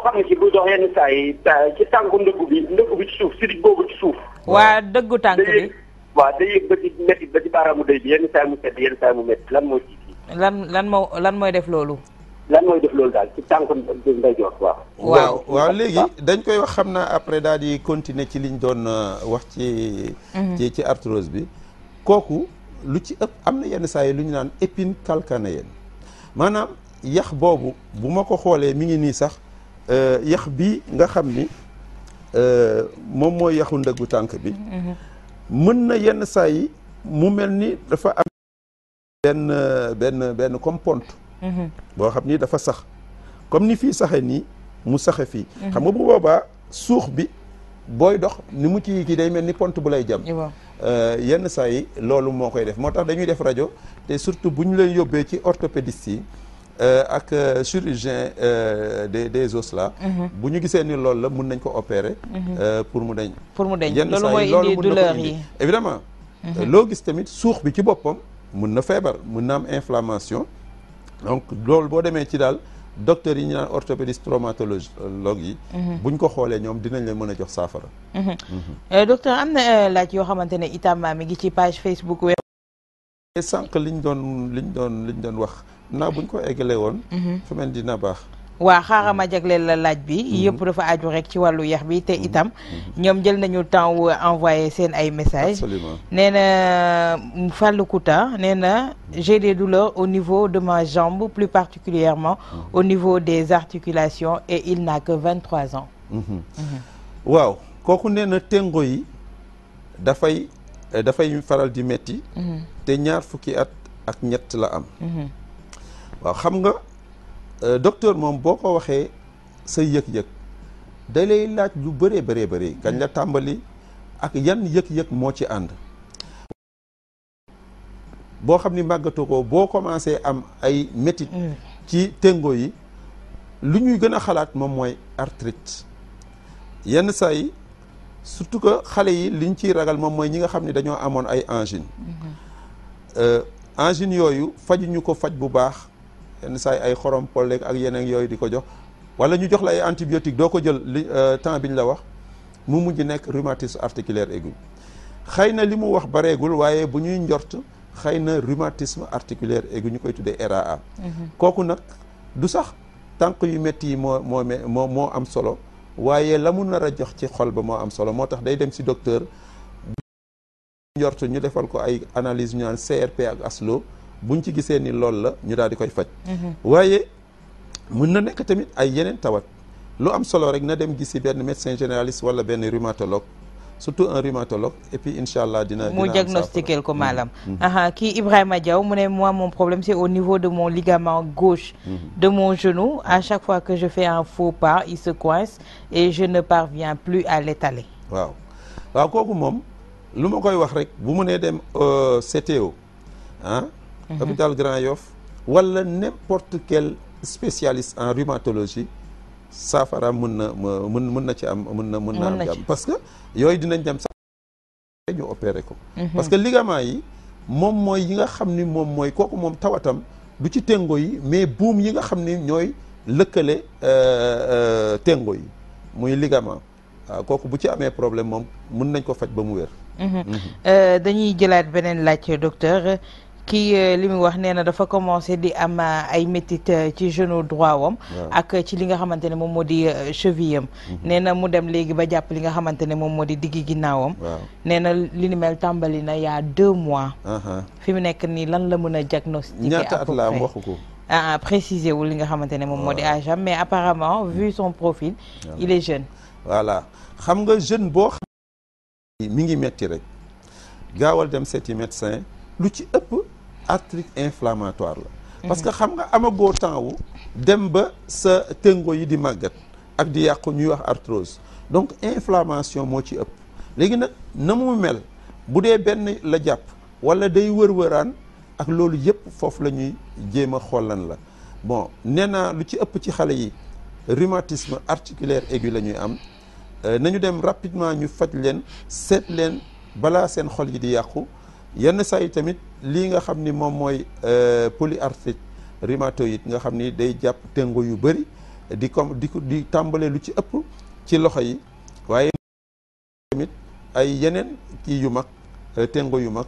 xam ne si buy dox yenn saa yi ci tànku ndëggu bi ndëggu bi ci suuf sidit boobu ci suuf. waa dëggu tànk bi waaw day yëg ba ci métti ba ci baaraamu day bi yenn saa mu sedd yenn saa mu métti lan moo ci kii. lan lan moo lan mooy def loolu. lan mooy def loolu daal ci tànku ndey joor waaw. waaw waaw léegi dañ koy wax xam naa après daal di continuer ci liñ doon euh, wax ci. Mhm. ci ci arthrose bi. kooku lu ci ëpp am na yenn saa yi lu ñu naan épine calcanéenne maanaam yax boobu bu ma ko xoolee mi ngi nii sax euh, yax bi nga xam ni euh, moom mooy yaxu ndëggu tànk bi mm-hmm. mën na yenn saa yi mu mel ni dafa am benn benn benn comme pont mm-hmm. boo xam ni dafa sax comme ni fi saxe nii mu saxe fi mm-hmm. xam nga bu boobaa suux bi booy dox ni mu ci kii day mel ni pont bu lay jam euh, yenn saa yi loolu moo koy def moo tax dañuy def rajo te surtout bu ñu lay yóbbee ci orthopédiste yi Euh, ak euh, chirurgien euh, des des os là. Mhm. bu ñu gisee ni loolu la mun nañ ko opérer. Mhm. pour mu dañ. pour mu dañ loolu mooy indi douleur yi évidemment mhm. loo gis tamit suux bi ci boppam mun na feebar mun na am inflammation donc loolu boo demee ci daal. docteur yi ñu naan orthopédiste traumatologue yi. buñ ko xoolee ñoom dinañ leen mën a jox saafara. docteur am na laaj yoo xamante ne itam mi ngi ci page Facebook. sànq liñ doon liñ doon liñ naa buñ ko eggalee woon. semaine mhm. dina baax. waa xaaral ma jagleel la laaj bi mhm. yëpp dafa aju rek ci wàllu yax bi te mhm. itam ñoom jël nañu temps envoyé seen ay message nee na euh, Fallou Kouta nee na j'ai des douleurs au niveau de ma jambe plus particulièrement au niveau des articulations et il n'a que vingt trois ans waaw kooku nee na téngo yi dafay dafay faral di metti te ñaar fukki at ak ñett la am waaw xam nga euh, docteur moom boo ko waxee sa yëg-yëg da lay laaj lu bëree bëree bëri kañ la tàmbali ak yan yëg-yëg moo ci ànd boo xam ni màggatoo ko boo commencé am ay métit mm. ci téngo yi lu ñuy gën a xalaat moom mooy arthrite yenn saa surtout que xale yi liñ ciy ragal moom mooy ñi nga xam ni dañoo amoon ay angine mm-hmm. euh, angine yooyu fajuñu ko faj bu baax yenn saa ay xorom polleeg ak yeneen yooyu di ko jox wala ñu jox la ay antibiotique doo ko jël li euh, temps bi ñu la wax mu mujj nekk rhumatisme articulaire aigu xëy na li mu wax bareegul waaye bu ñuy njort xëy na rhumatisme articulaire aigu ñu koy tuddee RAA. Mhm. kooku nag du sax tànk yu métti yi moo moo moo moo am solo waaye la mu nar jox ci xol ba moo am solo moo tax day dem si docteur. njort ñu defal ko ay analyse ñu CRP ak ASLO. buñ ci gisee ni loolu la ñu daal di koy faj mhm. waaye mën na nekk tamit ay yeneen tawat lu am solo rek na dem gisi benn médecin généraliste wala benn rhumatologue surtout un rhumatologue et puis incha allah dina mu diagnostiquer ko maanaam mhm. mhm. kii Ibrahima Diaw mu ne moi mon problème c'est au niveau de mon ligament gauche de mon genou à chaque fois que je fais un faux pas il se coince et je ne parviens plus à l'étaler waaw waaw kooku moom lu ma koy wax rek bu mu nee dem euh, CTO ah hôpital mhm. Grand Yoff wala n'importe quel spécialiste en rhumatologie saafara mën na mën mën na ci am mën na mën na am jàmm que yooyu dinañ dem sax ñu opéré ko mhm. parce que ligament yi moom mooy yi nga xam ni moom mooy kooku moom tawatam du ci tengo yi mais buum yi nga xam ni ñooy lëkkale euh, euh, tengo yi muy ligament kooku bu ci amee problème moom mën nañ ko faj ba mu wér mhm. Euh, dañuy jëlaat beneen laaj docteur kii euh, li mu wax nee na dafa commencé di am euh, ay métit euh, ci genou droit wam ak ci li nga xamante ne moom moo di cheville am mhm. nee na mu dem léegi ba jàpp li nga xamante ne moom moo di digg ginnaawam nee na li tàmbali na y'a deux mois fi mu nekk nii lan la mën a diagnostiquer ñaata at la waxu ko ah, ah wul li nga xamante ne moom moo di âge am mais apparemment vu son profil il est jeune voilà xam nga jeune boo xam mi arthrite inflammatoire la mhm. parce que xam nga ama temps wu dem ba sa téngo yi di màggat ak di yàqu ñuy wax arthrose donc inflammation moo ci ëpp léegi nag na mu mel bu dee benn la jàpp wala day wërwëraan ak loolu yëpp foofu la ñuy jéem a xollan la bon nee naa lu ci ëpp ci xale yi rhumatisme articulaire aigu la ñuy am euh, nañu dem rapidement ñu faj leen seet leen balaa seen xol yi di yàqu yenn saa tamit lii nga xam ni moom mooy euh, polyarthrite rhumatoïde nga xam ni day jàpp tëngo yu bëri di comme di di tàmbale lu ci ëpp ci loxo yi waaye tamit ay yeneen kii yu mag euh, tëngo yu mag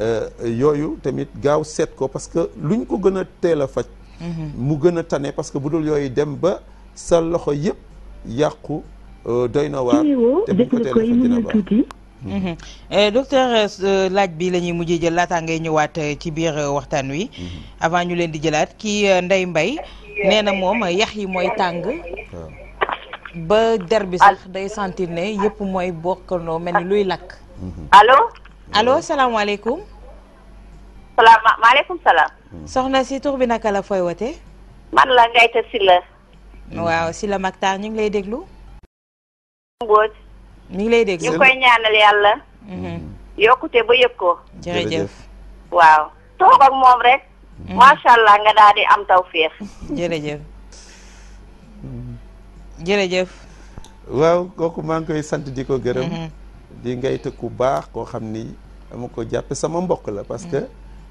euh, yooyu tamit gaaw seet ko parce que luñ ko gën a teel a faj mhm. mu gën a tane parce que bu dul yooyu dem ba sa loxo yëpp yàqu doy na waar te buñ ko teel faj dina baax Mhm. Eh, docteur euh, euh, laaj bi la ñuy mujjee jël laataa ngay ñëwaat euh, ci biir waxtaan wi. Mhm. avant ñu leen di jëlaat ki Ndeye mbay nee na moom yax yi mooy tàng. ba der bi sax day sentir ne yëpp mooy bokkandoo mel ni luy lakk. Mhm. alo allo salaamaaleykum. salaamaaleykum salaam. soxna si tur bi naka la fooy wote man la Ngayta Sylla. waaw Sylla Mactar ñu ngi lay déglu. mi ngi lay dégg ñu koy ñaanal yàlla. Mhm. yokkute ba yëg ko. jërëjëf waaw toog ak moom rek. Mhm. macha allah nga daal di am taw tawféex. jërëjëf. jërëjëf. waaw kooku maa ngi koy sant di ko gërëm. Mhm. di ngay tëkku baax koo xam ni dama ko jàppe sama mbokk la parce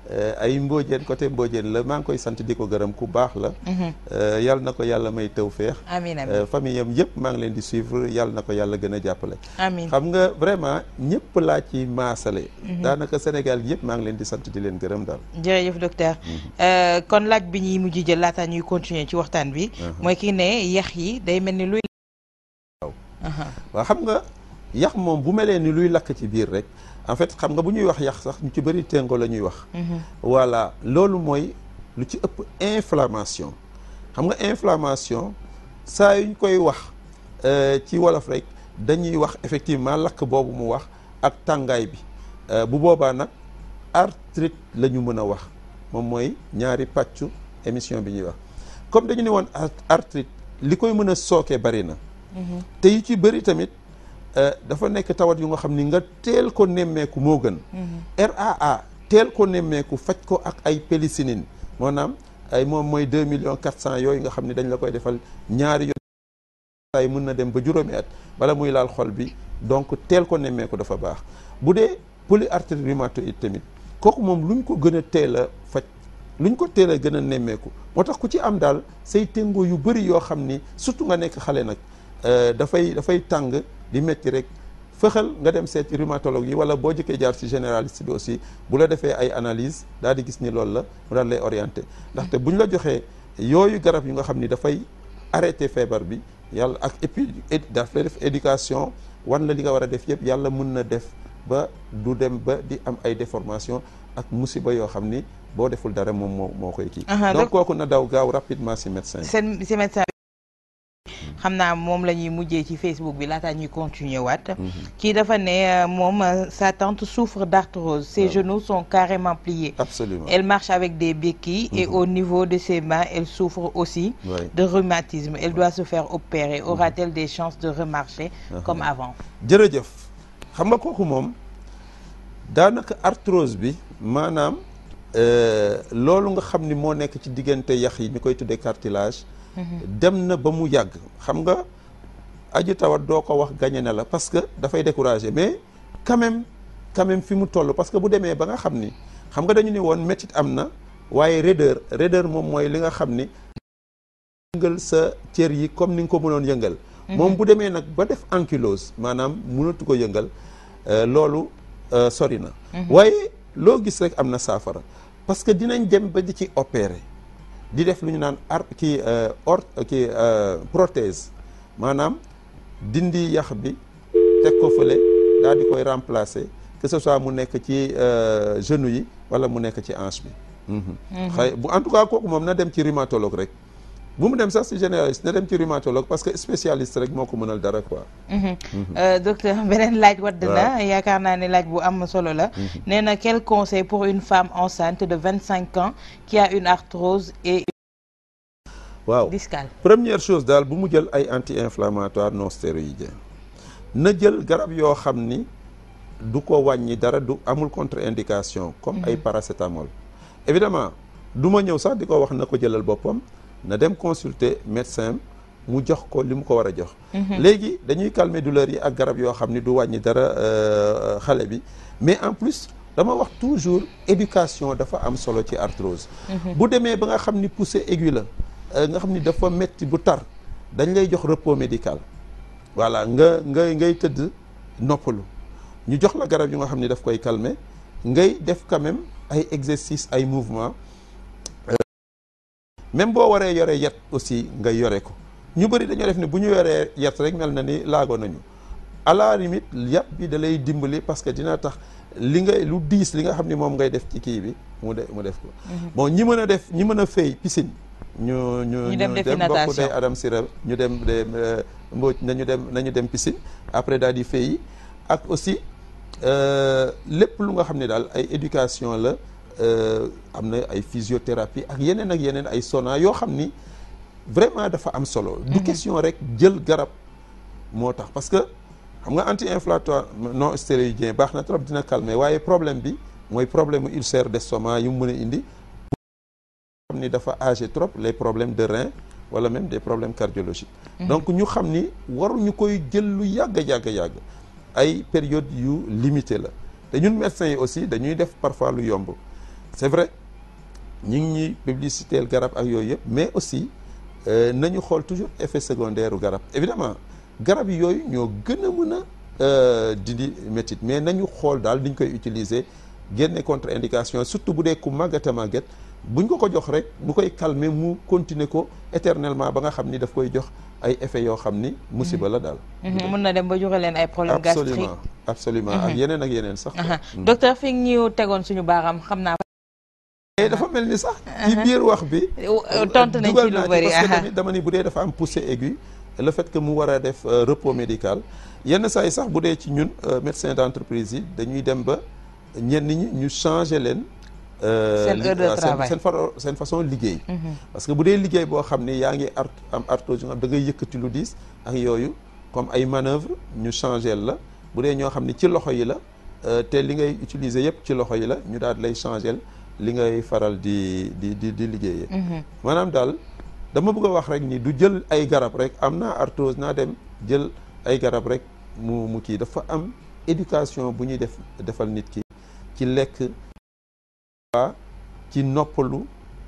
Euh, ay mboojeen côté mboojeen la maa ngi koy sant di ko gërëm ku baax la. Mhm. Euh, yàlla na ko yàlla may taw féex. amiin amiin euh, famille am maa ngi leen di suivre yàlla na ko yàlla gën a jàppale. amiin xam nga vraiment ñëpp laa ci maasale. Mhm. daanaka Sénégal yëpp maa ngi leen di sant di leen gërëm daal. jërëjëf docteur mhm. kon laaj bi ñuy mujj jël laataa ñuy continuer ci waxtaan bi. mooy ki ne yax yi day mel ni luy. xam nga yax moom bu melee ni luy lakk ci biir rek. en fait xam nga bu ñuy wax yàq sax ñu ci bëri téngo la ñuy wax voilà loolu mooy lu ci ëpp inflammation xam nga inflammation saa yu ñu koy wax euh, ci wolof rek dañuy wax effectivement lakk boobu mu wax ak tàngaay bi euh, bu boobaa nag arthrite lañu mën a wax moom mooy ñaari pàccu émission bi ñuy wax comme dañu ne woon arthrite li koy mën a sooke bari na mm-hmm. te yu ci bëri tamit Euh, dafa nekk tawat yu nga xam ni nga teel ko nemmeeku moo gën mhm. raa teel ko nemmeeku faj ko ak ay pénicilline maanaam ay moom mooy deux millions quatre cent yooyu nga xam ni dañ la koy defal ñaari yoon ay mën na dem ba juróomi at bala muy laal xol bi donc teel ko nemmeeku dafa baax bu dee polyarthrite rhumatoïde tamit kooku moom luñ ko gën a teel a faj luñ ko teel a gën a nemmeeku moo tax ku ci am daal say téngoo yu bëri yoo xam ni surtout nga nekk xale nag euh, dafay dafay tàng di métti rek fëxal nga dem seet rhumatologue yi wala boo jëkkee jaar ci généraliste bi aussi bu la defee ay analyse daal di gis ni loolu la mu daal lay orienté ndaxte ñu la joxee yooyu garab yu nga xam ni dafay arrêté feebar bi yàlla ak et puis daf def éducation wan la li nga war a def yëpp yàlla mun na def ba du dem ba di am ay deformation ak musiba yoo xam ni boo deful dara moom moo moo koy kii donc kooku na daw gaaw rapidement ci ci médecin xam naa moom la ñuy mujjee ci Facebook bi laataa ñuy continuer waat. Mhm. kii dafa ne euh, moom euh, sa tante souffre d'arthrose ses ah. genoux sont carrément pliés. absolument elle marche avec des béquilles. et mhm. au niveau de ses mains elle souffre aussi. de rhumatisme elle doit se faire opérer mhm. aura t des chances de remarcher. Ah. comme avant jërëjëf xam nga kooku moom daanaka arthrose bi maanaam. Euh, loolu nga xam ni moo nekk ci diggante yax yi ñu koy tuddee cartilage. dem na ba mu yàgg xam nga aju tawat doo ko wax gañe na la parce que dafay découragé mais quand même fi mu toll parce que bu demee ba nga xam ni xam nga dañu ne woon métit am na waaye raideur raideur moom mooy li nga xam ni yëngal sa cër yi comme ni nga ko mënoon yëngal mhm. moom bu demee nag ba def ankylose maanaam mënatu ko yëngal euh, loolu euh, sori na mhm. waaye loo gis rek am na saafara parce que dinañ dem ba di ci opérer di def lu ñu naan ar kii euh, or kii euh, prothèse maanaam dindi yax bi teg ko fële daal di koy remplacer que ce soit mu nekk ci euh, genou yi wala mu nekk ci hanche bi. Mhm. Mhm. xëy bu en kooku moom na dem ci rhumatologue rek. bu mu dem sax si généraliste na dem ci rhumatologue parce que spécialiste rek moo ko mënal dara ko mhm. mhm. euh, docteur beneen laaj wadd na yaakaar naa ne laaj bu am solo la. Mhm. nee na quel conseil pour une femme enceinte de vingt cinq ans qui a une arthrose et. waaw discale première chose daal bu mu jël ay anti-inflammatoires non stéroïdiens na jël garab yoo xam ni du ko wàññi dara du amul contre-indication. comme ay paracétamol évidemment du ma ñëw sax di ko wax na ko jëlal boppam. na dem consulter médecin mu jox ko li mu ko war a jox. Mhm. léegi dañuy calmer douleur yi ak garab yoo xam ni du wàññi dara euh, xale bi mais en plus dama wax toujours éducation dafa am solo ci arthrose. Mhm. bu demee ba nga xam ni poussée aiguë euh, nga xam ni dafa metti bu tar dañ lay jox repos médical. voilà nga ngay ngay tëdd noppalu ñu jox la garab yu nga xam ni daf koy calmer ngay def quand même ay exercice ay mouvement même boo waree yore yet aussi nga yore ko ñu bëri dañoo def ne bu ñu yoree yet rek mel na ni laago nañu à la limite yat bi da lay dimbali parce que dina tax li ngay lu diis li nga xam ni moom ngay def ci kii bi mu mu def ko. Mhm. bon ñi mën a def ñi mën a fay piscine. ñu ñu ñu dem bokk day Adam Sira ñu dem de euh, Mbodj nañu dem nañu dem piscine après daal di fay ak aussi euh, lépp lu nga xam ne daal ay éducation la. Euh, am na ay physiothérapie ak yeneen ak yeneen ay sona yoo xam ni vraiment dafa am solo du mhm. question rek jël garab moo tax parce que xam nga anti-inflammatoire non stéroïdien baax na trop dina calmer waaye problème bi mooy problème ulcère d'estomac yu mu mën a indi xam ni dafa âgé trop les problèmes de rein wala même des problèmes cardiologiques mhm. donc ñu xam ni waruñu koy jël lu yàgg yàgg yàgg ay période yu limité la te ñun médecins yi aussi dañuy def parfois lu yomb c'est vrai ñi ngi ñuy publicité garab ak yooyu yëpp mais aussi euh, nañu xool toujours effet secondaire u garab évidemment garab yooyu ñoo gën a mën a euh, dindi métit mais nañu xool daal niñ koy utiliser génne contre indication surtout bu dee ku màggat a màggat buñ ko ko jox rek lu koy calmer mu continuer ko éternellement ba nga xam ni daf koy jox ay effets yoo xam ni musiba la daal mhm, mhm, mun na dem ba joxe leen ay problème gastrique absolument ak mhm. yeneen ak yeneen sax docteur Eh, dafa mel ni sax ci uh-huh. biir wax bi tontu nañ ci uh-huh. dama bu dee dafa am poussée aiguë le fait que mu war a def euh, repos médical yenn saa sax bu dee ci ñun euh, médecin d'entreprise yi dañuy dem ba ñenn ñi ñu changer leen euh, seen heure de travail seen seen façon liggéey uh-huh. parce que bu dee liggéey boo xam ne yaa ngi art am arthrose da ngay yëkkati lu diis ak yooyu comme ay manœuvre ñu changer la bu dee ñoo xam ne ci loxo yi la te li ngay utiliser yëpp ci loxo yi la ñu daal lay changer li ngay faral di di di di liggéeyee. Mhm. maanaam daal dama bëgg wax rek ni du jël ay garab rek am naa arthrose naa dem jël ay garab rek mu mu kii dafa am éducation bu ñuy def defal nit ki ci lekk ci noppalu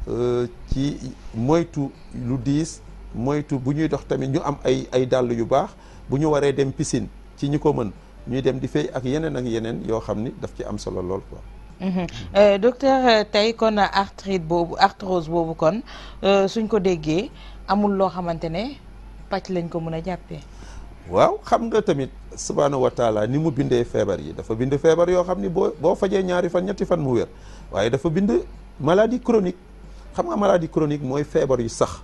euh, ci moytu lu diis moytu bu ñuy dox tamit ñu am ay ay dàll yu baax bu ñu waree dem piscine ci ñi ko mën ñuy dem di fay ak yeneen ak yeneen yoo xam ni daf ci am solo lool Mhm. Euh, docteur euh, tey kon a arthrite boobu arthrose boobu kon euh, suñ ko déggee amul loo xamante ne pàcc lañ ko mën a jàppee. waaw xam nga tamit subhaanahu wa taala ni mu bindee feebar yi dafa bind feebar yoo xam ni boo boo fajee ñaari fan ñetti fan mu wér waaye dafa bind maladie chronique xam nga maladie chronique mooy feebar yu sax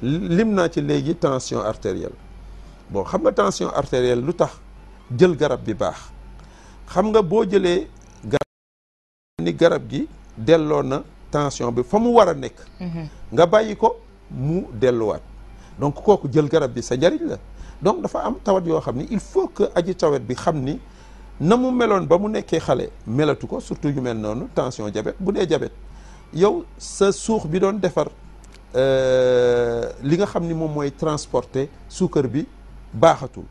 lim naa ci léegi tension artérielle boo xam nga tension artérielle lu tax jël garab bi baax xam nga boo jëlee ni garab gi delloo na tension bi fa mu war a nekk mhm. nga bàyyi ko mu delluwaat donc kooku jël garab bi sa njariñ la donc dafa am tawat yoo xam ni il faut que aji tawet bi xam ni na mu meloon ba mu nekkee xale melatu ko surtout ñu mel noonu tension diabète bu dee diabète yow sa suux bi doon defar euh, li nga xam ni moom mooy transporter suukar bi baaxatul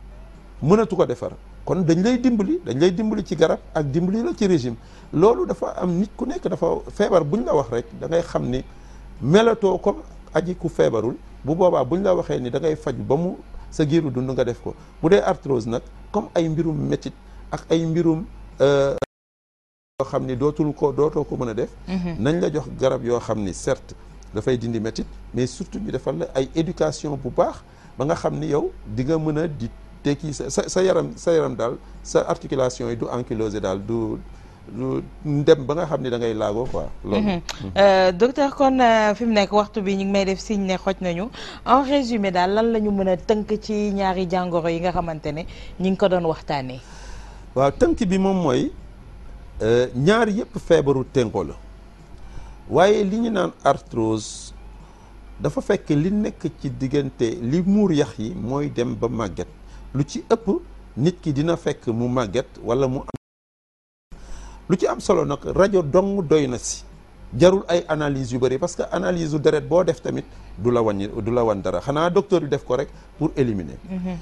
mënatu ko defar kon dañ lay dimbali dañ lay dimbali ci garab ak dimbali la ci régime loolu dafa am nit ku nekk dafa feebar buñ la wax rek da ngay xam ni meletoo comme aji ku feebarul bu boobaa buñ la waxee ni da ngay faju ba mu sa giiru dund nga def ko bu dee arthrose nag comme ay mbirum métit ak ay mbirum euh, yoo xam ni dootul ko dootoo ko mën a def mm-hmm. nañ la jox garab yoo xam ni certes dafay dindi métit mais surtout ñu defal la ay éducation bu baax ba nga xam ni yow di nga mën a di te kii sa sa yaram sa yaram daal sa articulation yi du ankylosé daal du lu dem ba nga xam ne da ngay laagoo quoi. loolu mhm. euh, docteur kon euh, fi mu nekk waxtu bi ñu ngi may def signe ne xoj nañu en résumé daal lan la ñu mën a tënk ci ñaari jàngoro yi nga xamante ne ñu ngi ko doon waxtaanee. waaw tënk bi moom mooy euh, ñaar yëpp feebaru tënko la waaye li ñu naan arthrose dafa fekk li nekk ci diggante li muur yax yi mooy dem ba màgget. lu ci ëpp nit ki dina fekk mu màgget wala mu am lu ci am solo nag rajo dong doy na si jarul ay analyse yu bëri parce que analyse u deret boo def tamit du la wàññi du la wan dara xanaa docteur bi def ko rek pour éliminer mhm.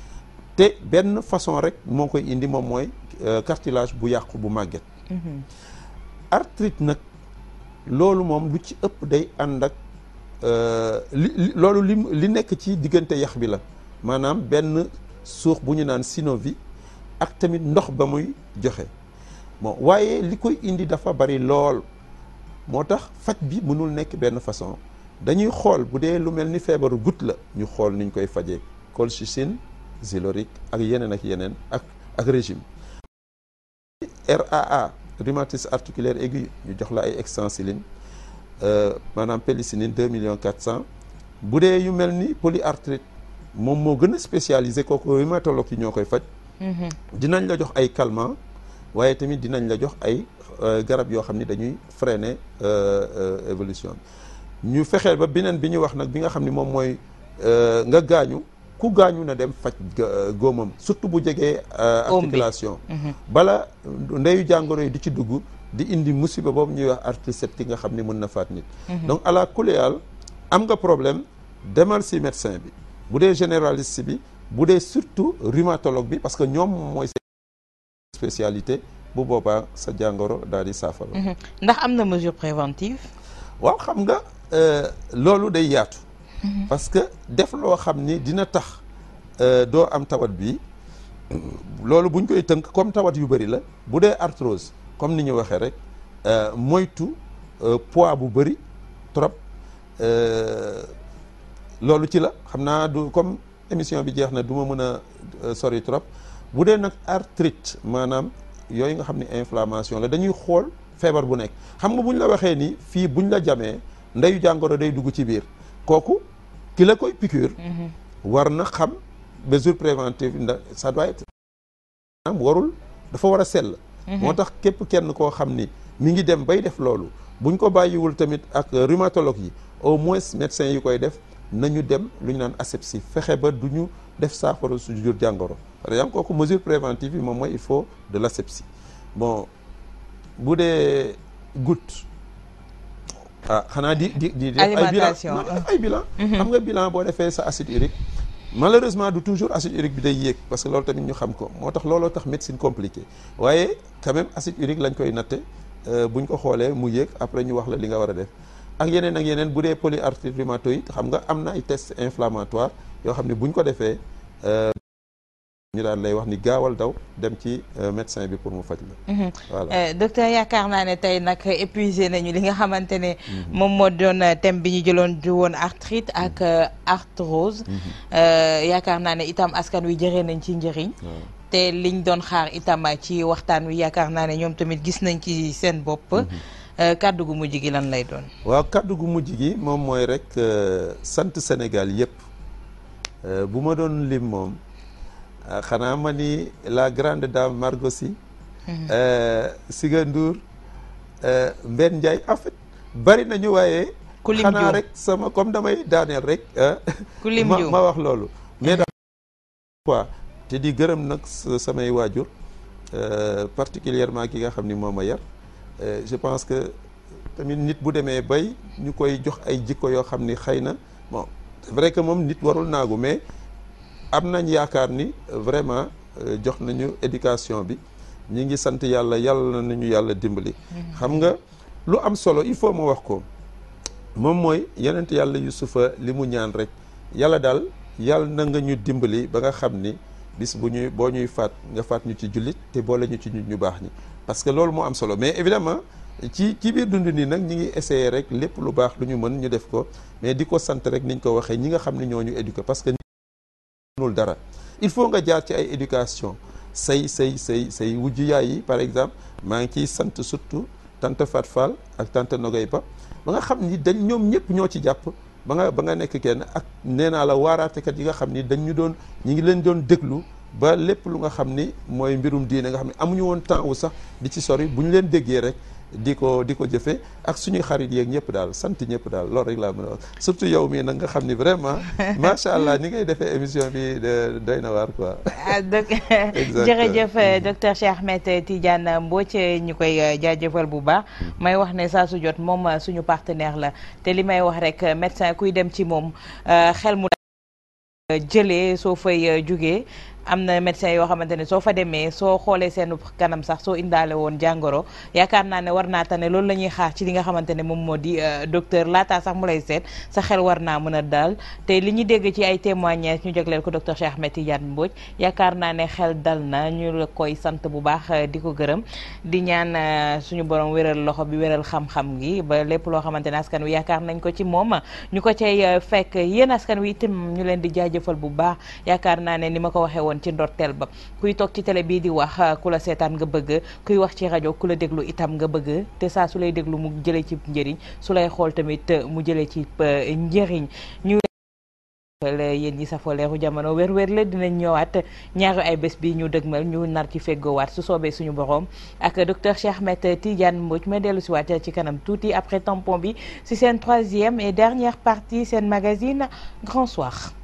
te benn façon rek moo koy indi moom mooy euh, cartilage bu yàqu bu màgget mhm. arthrite nag loolu moom lu ci ëpp day ànd ak euh, li loolu li li nekk ci diggante yax bi la maanaam benn suux bu ñu naan Synovie ak tamit ndox ba muy joxe bon waaye li koy indi dafa bari lool moo tax faj bi mënul nekk benn façon dañuy xool bu dee lu mel ni feebaru goutte la ñu xool niñ koy fajee colchicine zylorique ak yeneen ak yeneen ak ak régime RAA rhumatisme articulaire aigu ñu jox la ay extensiline euh, maanaam pénicilline deux millions quatre cent bu dee yu mel ni polyarthrite moom moo gën a spécialisé kooku rhumatologue yi ñoo koy faj. Mhm. dinañ la jox ay calmants waaye tamit dinañ la jox ay euh, garab yoo xam ni dañuy freiner euh, euh, évolution bi ñu fexeel ba beneen bi ñuy wax nag bi nga xam ni moom mooy nga gaañu. ku gaañu na dem faj góomam surtout bu jegee articulation mhm. bala ndeyu jàngoro yi di ci dugg di indi musiba boobu ñuy wax arthrite septique nga xam ni mën na faat nit mhm. donc à am nga problème demal si médecin bi bu dee généraliste bi bu dee surtout rhumatologue bi parce que ñoom mooy spécialité bu boobaa sa jàngoro daal di saafara. Mhm. ndax am na mesure préventive. waaw xam nga euh, loolu day yaatu. Mhm. parce que def loo xam ni dina tax euh, doo am tawat bi loolu buñ koy tënk comme tawat yu bëri la bu dee arthrose comme ni ñu waxee rek euh, moytu poids bu bëri trop. loolu ci la xam naa du comme émission bi jeex na du ma mën a euh, sori trop bu dee nag arthrite maanaam yooyu nga xam ne inflammation la dañuy xool feebar bu nekk xam nga buñ la waxee nii fii buñ la jamee ndeyu jàngoro day dugg ci biir kooku ki la koy piqûre mm-hmm. war na xam mesure préventive ndax ça warul dafa war a sell mm-hmm. moo tax képp kenn koo xam ni mi ngi dem bay def loolu buñ ko bàyyiwul tamit ak rhumatologue yi au moins médecin yi koy def nañu dem lu ñu naan asepsie fexe ba du ñu def saafara su jur jàngoro par exemple kooku mesure préventive yi moom mooy il faut de l'asepsie bon bu dee goutte ah xanaa di di di ay bilan ah. ay bilan mhm. xam nga bilan boo defee sa acide urique malheureusement du toujours acide urique bi day yéeg parce que loolu tamit ñu xam ko moo tax looloo tax médecine compliquée waaye quand même acide urique lañ koy natte euh, buñ ko xoolee mu yéeg après ñu wax la li nga war a def ak yeneen ak yeneen bu dee polyarthrite rhumatoïde xam nga am na ay test inflammatoire yoo xam ne buñ ko defee euh, ñu daan lay wax ni gaawal daw dem ci euh, médecin bi pour mu faj la mhm. euh, yaakaar naa ne tey nag épuisé nañu li nga xamante ne mhm. moom moo doon thème bi ñu jëloon ju woon arthrite ak mhm. arthrose yaakaar naa ne itam askan wi jëree nañ ci njëriñ te liñ doon xaar itam ci waxtaan wi yaakaar naa ne ñoom tamit gis nañ ci seen bopp Euh, kàddu gu mujj gi lan lay doon. waaw kàddu gu mujj gi moom mooy rek euh, sant Sénégal yëpp euh, bu ma doon lim moom xanaa ma ni la grande dame margo si mhm. Siga Ndour Mbène Ndiaye en bari nañu waaye. ku lim xanaa rek sama comme damay daaneel rek. ku lim ma wax loolu. mais mhm. daal te di gërëm nag samay waajur particulièrement ki nga xam ni moo ma Euh, je pense que tamit nit bu demee bay ñu koy jox ay jikko yoo xam ni xëy na bon c'est que moom nit warul naagu mais am nañ yaakaar ni vraiment euh, jox nañu éducation bi ñu ngi sant yàlla yàlla nañu yàlla dimbali. Mm-hmm. xam nga lu am solo il faut ma wax ko moom mooy yonent yàlla Yusufa li mu ñaan rek yàlla daal yàlla na nga ñu dimbali ba nga xam ni bis bu ñuy boo ñuy faat nga faat ñu ci jullit te boole ñu ci nit ñu baax ñi. parce que loolu moo am solo mais évidemment ci ci biir dund nii nag ñi ngi essayer rek lépp lu baax lu ñu mën ñu def ko mais di ko sant rek niñ ko waxee ñi nga xam ne ñoo ñu éduqué parce que mënul dara il faut nga jaar ci ay éducation say say say say wujju yaay par exemple maa ngi ciy sant surtout tante Fat ak tante Nogay Ba ba nga xam ni dañ ñoom ñëpp ñoo ci jàpp ba nga ba nga nekk kenn ak nee naa la waaraatekat yi nga xam ni dañ ñu doon ñu ngi leen doon déglu ba lépp lu nga xam ni mooy mbirum diine nga xam ne amuñu woon temps wu sax di ci sori bu ñu leen déggee rek di ko di ko jëfe ak suñuy xarit yeeg ñëpp daal sant ñëpp daal loolu rek laa mën a wax surtout yow mii nag nga xam ni vraiment macha allah ni ngay defee émission bi doy na waar quoi. Ah, exactement jërëjëf mm-hmm. docteur Cheikh Ahmed Tidiane Mbodj ñu koy euh, jaajëfal bu baax. Mm-hmm. may wax ne saa su jot moom euh, suñu partenaire la te li may wax rek euh, médecin kuy dem ci moom xel mu. jële soo fay jógee am na médecin yoo xamante ne soo fa demee soo xoolee seen kanam sax soo indaale woon jàngoro yaakaar naa ne war naa ne loolu la ñuy xaar ci li nga xamante ne moom moo di euh, docteur laata sax mu lay seet sa xel war naa mën a dal te li ñu dégg ci ay témoignages ñu jagleel ko docteur Cheikh Ahmed Tidiane Mbodj yaakaar naa ne xel dal na ñu la koy sant bu baax euh, di ko gërëm di ñaan euh, suñu borom wéral loxo bi wéral xam-xam gi ba lépp loo xamante ne askan wi yaakaar nañ ko ci moom ñu ko cay fekk yéen askan wi itam ñu leen di jaajëfal bu baax yaakaar naa ne ni ma ko waxee woon woon ci ndorteel ba kuy toog ci tele bii di wax ah, ku la seetaan nga bëgg kuy wax ci rajo ku la déglu itam nga bëgg te saa su lay déglu mu jëlee ci njëriñ su lay xool tamit ah, mu jëlee ci ah, njëriñ ñu yéen ñi safoo leeru jamono weer weer la dinañ ñëwaat ñaaru ay bés bi ñu dëgmal ñu nar ci feggoowaat su soobee suñu borom ak docteur Cheikh Ahmed tiijan Mbodj ma dellu si waat ci kanam tuuti après tampon bi si seen troisième et dernière partie seen magazine Grand Soir